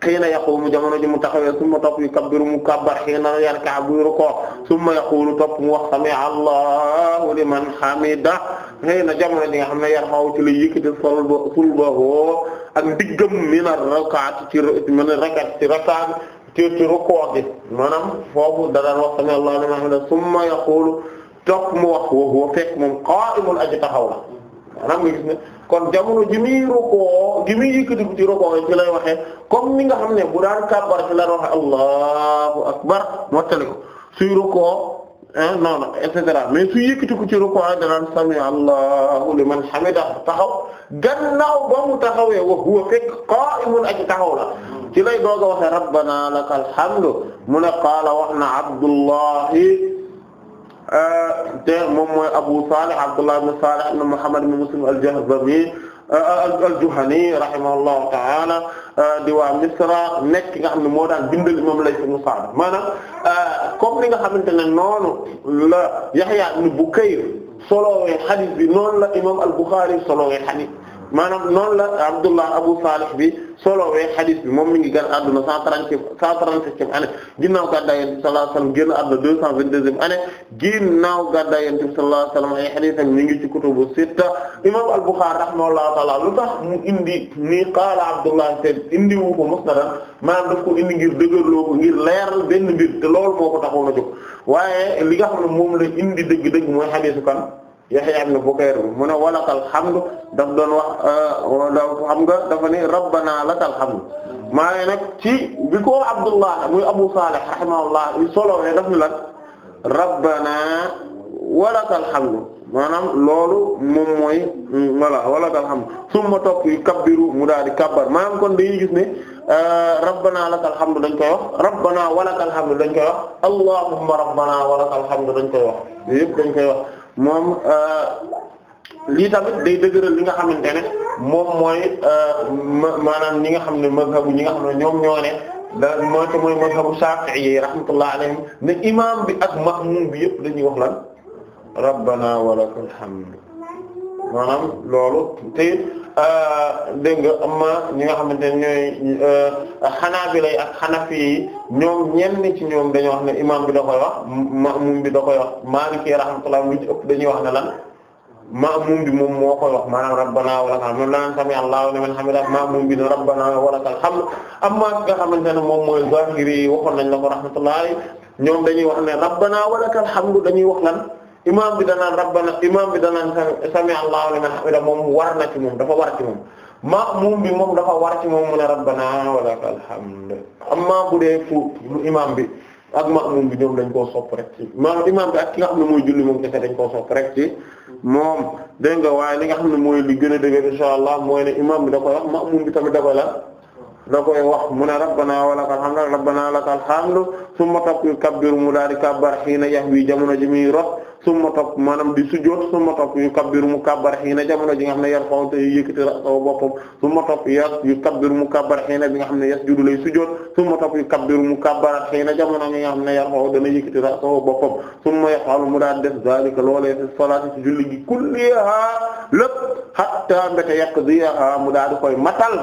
xiina yaqumu jamono ji mu taxawee summa topp yu kabbiru mu kabbar xiina yarka buy rukoo summa yaqulu topp mu wax sami allahu liman hamida xiina jamono ji nga xam ne yarxaw ci la yëkkati sulbahu ak ndiggam min ar-rak'ati ci min ar-rak'ati ci rak'at ci ci rukkoo gi maanaam foofu da daan wax sami Allahu liman hamidah summa yaqulu topp mu wax wa huwa fekk moom qa'imun aji taxaw la maanaam nga gis ne kon jamono ji muy rukkoo ji muy yëkkatiku ci rukkoo gi ci lay waxee comme ni nga xam ne bu daan kàbbar ci la wax Allahu akbar mottali ko suy rukkoo non non et cetera mais su yëkkati ko ci rukkoo danaan sami allahu liman hamida taxaw gannaaw ba mu taxawee wa huwa fekk qa'imun aji taxaw la ci lay doog a waxe rabbana lakal hamdu mu ne qaala wax na abdullahi euh, te moom mooy abu salih abdullah ibn salih ibn muhammad ibn muslim al-jahdami al-Juhani rahimahullahu ta'ala euh, di waa Misra nekk ki nga xam ne moo daan bindal imam Layth ibn Sa'd maanaam euh, comme li nga xamante ne noonu la Yahya ibn Bukayr solowee xadis bi noonu la imam al-Bukhari solowee xadis maanaam noonu la Abdullah Abu Salih bi solowee hadith bi moom mi ngi gan adduna cent trente cent trente-septième année ginnaaw gàddaay yonent bi sallallahu alayhi wasallam génn adduna deux cent vingt-deuxième année ginnaaw gàddaay yonent bi sallallahu alayhi wasallam ay hadith mi ngi ci sitta imam al-Bukhari rahimahullahu ta'ala lu tax mu indi nii qaala Abdullah te indi ko musnadan maanaam daf ko indi ngir dëgërloo ko ngir leeral benn mbir te loolu moo ko taxoon a jóg waaye li nga xam ne moom la indi dëgg-dëgg mooy hadithu kan Yahya ibn Bukayr mu ne walakal hamdu daf doon euh, xam nga dafa ni rabbana lakal hamdu maa ngi nag ci bi ko Abdullah muy Abu Salih rahimahullah solowee daf ni lan rabbana walakal hamdu maanaam loolu mooy wala walakal hamdu summa mu daal di kabbar maanaam kon dañuy gis ne euh, rabbana lakal hamdu dañ koy wax rabbana walakal hamdu dañ koy wax allahumma rabbana walakal hamdu dañ koy wax yëpp dañ koy wax moom euh, lii tamit day dëgëral li nga xamante ne moom mooy euh, maanaam ñi nga xam ne mazhabu ñi nga xam ne ñoom ñoo ne da mooy te mooy mazhabu Shafi'i yi rahmatullah alayhim ne imam bi ak ma'mum bi yëpp dañuy wax lan rabbana wa lakal hamd maanaam loolu te euh, dégg nga am na ñi nga xamante ne ñooy xanaabilay euh, ak xanafi yi ñoom ñenn ci ñoom dañoo wax ne imaam bi da koy wax maamum bi da koy wax maaliki rahmatullah lu ci ëpp dañuy wax ne lan maamum bi moom moo koy wax maanaam rabbana wa lakal moom lanaan sami allahu liman hamidah maamum bi ne rabbana wa lakal hamd amma nga xamante ne moom mooy zahiri yi waxoon nañ la ko rahmatullah ñoom dañuy wax ne rabbana wa lakal hamd dañuy wax lan imaam bi danaan rabbana imaam bi danaan sami allahu liman moom war na ci moom dafa war ci moom ma'muum bi moom dafa war ci moom mu ne rabbana wa lakal hamd amma bu dee fu imaam bi ak ma'muum bi ñoom dañ koo sopp rek ci maanaam imaam bi ak ki nga xam ne mooy julli moom kese dañ koo sopp rek moom dégg nga waaye li nga xam ne mooy li gën a dëgër insha allah mooy ne imaam bi da koy wax ma'muum bi tamit dafa la da koy wax mu ne rabbana wa lakal hamdu rabbana lakal hamdu summa topp yu kabbiru mu daal di kabbar xiina yahwi jamono ji muy rot topp maanaam di sujjóot summa topp yu kabbiru mu kabbar xiina jamono ji nga xam ne yar faw te yëkkati rasaw boppam summa topp mu kabbar xiina bi nga xam ne yasjudu lay sujjóot summa topp yu kabbiru mu kabbarat xiina jamono ji nga xam ne yar faw dana yëkkati rasaw boppam summa yaf'alu mu daal def zalika loolee fi salaati ci julli gi kulliha lépp hatta mbéte yaqdiha mu daal di koy matal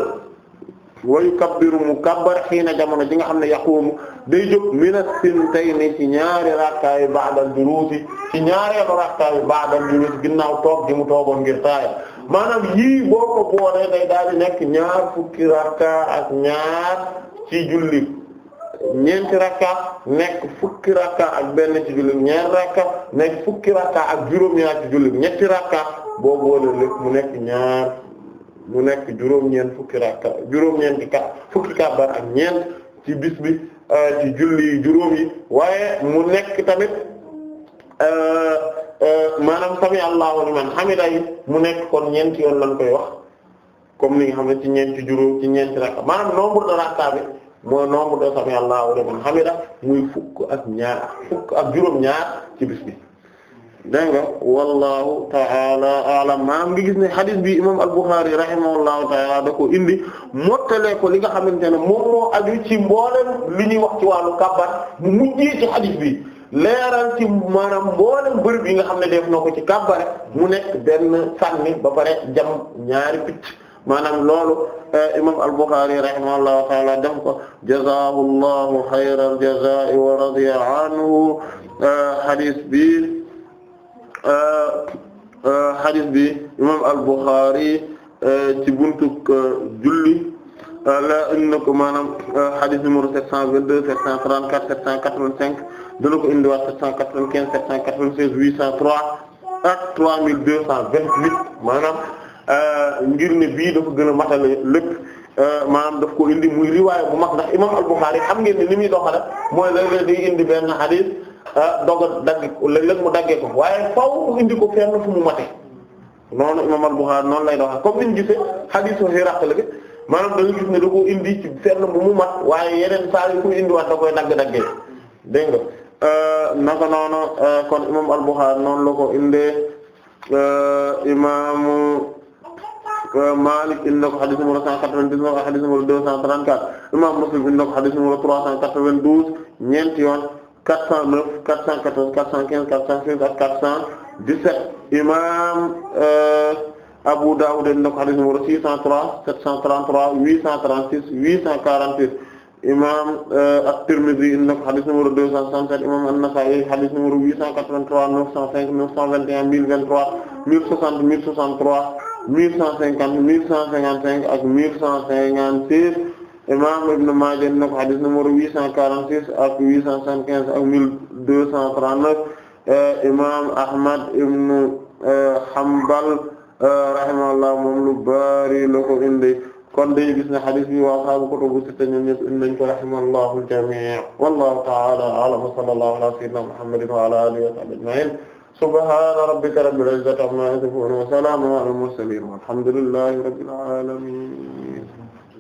wa yukabbiru mu kabbar xiina jamono ji nga xam ne yaqumu day jóg mina sintayni ci ñaari rakkaa yi ba'dal ci ñaareelu rakkaa yi ba'dal ginnaaw toog ji mu toogoon ngir taaya maanaam yii boo ko boolee day daal di nekk ñaar fukki rakkaa ak ñaar ci julli ñeenti rakka nekk fukki rakka ak benn ci julli ñaari fukki rakka ak juróom-ñaar ci julli ñetti rakka boo boole lépp mu nekk ñaar mu nekk juróom-ñeent fukki rakka juróom-ñeent ka fukki kàbbar ak ñeent ci bis bi euh, ci julli juróom waaye mu nekk tamit euh, euh, maanaam sami allahu liman hamida yi mu nekk kon ñeenti yoon lañ koy wax comme ni nga xam ne ci ñeenti juróom ci ñeenti rakka maanaam nombre de rakka bi mooy nombre de sami allahu liman hamida muy fukk ak ñaar fukk ak juróom-ñaar ci bisbi dégg nga wallahu ta'ala a'lam maanaam nga gis ni hadith bi imam al-Bukhari rahimahullahu ta'ala da ko indi mottalee ko li nga xamante ne moom moo aju ci li ñuy wax ci wàllu kabbar mu mujjee ci hadith bi leeral ci maanaam mboolem yi nga xam ne def na ko ci kabbare mu nekk benn sànni ba pare jam ñaari picc maanaam loolu eh, imam al-Bukhari rahimahullahu ta'ala def ko jazahullahu xayral jazaa'i wa radiya anhu eh, hadith bi Euh, euh, hadith bi imam al-Bukhari euh, ci buntu julli la indi ko maanaam hadith numéro 722 734 785 dina ko indiwaat 795 796 803 ak 3228 maanaam ngir ne bii dafa gën a matale lépp maanaam daf ko indi muy riwaay bu mag ndax imam al-Bukhari xam ngeen ne ni muy doxale mooy léeg-léeg day indi benn hadith Ah, doog a dagg léeg-léeg mu daggee ko waaye faaw mu indi ko fenn fu mu mate noonu imam al noonu lay doxal comme niñ gisee hadiisu Hiraql bi maanaam indi ci fenn bu mu mat waaye yeneen saa yu koy indiwaat da koy dagg-daggee dégg nga ah, naka noonu ah, kon imam al-Bukhari noonu la ko indee imaamu Malik indi na ko xadis numéro 199 ak xadis numéro 234 imam Muslim indi na ko xadis numéro 392 ñeenti yoon. 409 414 415 416 ak 417 imam euh, Abu Dawud indi na ko hadith numéro 603 733 836 848 imam euh, At-Tirmidhi indi na ko hadith numéro 267 imam An-Nasa'i mil numéro 883 905 921 1023 1060 1063 1150 1155 ak imam Ibn Maaja na ko xadis numéro 846 ak 875 ak 1239 euh, imam Ahmad ibn euh, Hanbal euh, rahimahullah moom lu bari la ko indi kon dañu gis ne xadis bi waa saabu kutubu sitta ñoom ñëpp indi nañu ko rahimahullahu al-jamii' wallahu ta'ala a'lam wa sallallahu ala sayyidina Muhammadin wa ala alihi wa sahbihi ajma'in subhana rabbika rabbil izzati amma yasifun wa salamun ala al-mursalin walhamdulillahi rabbil alamin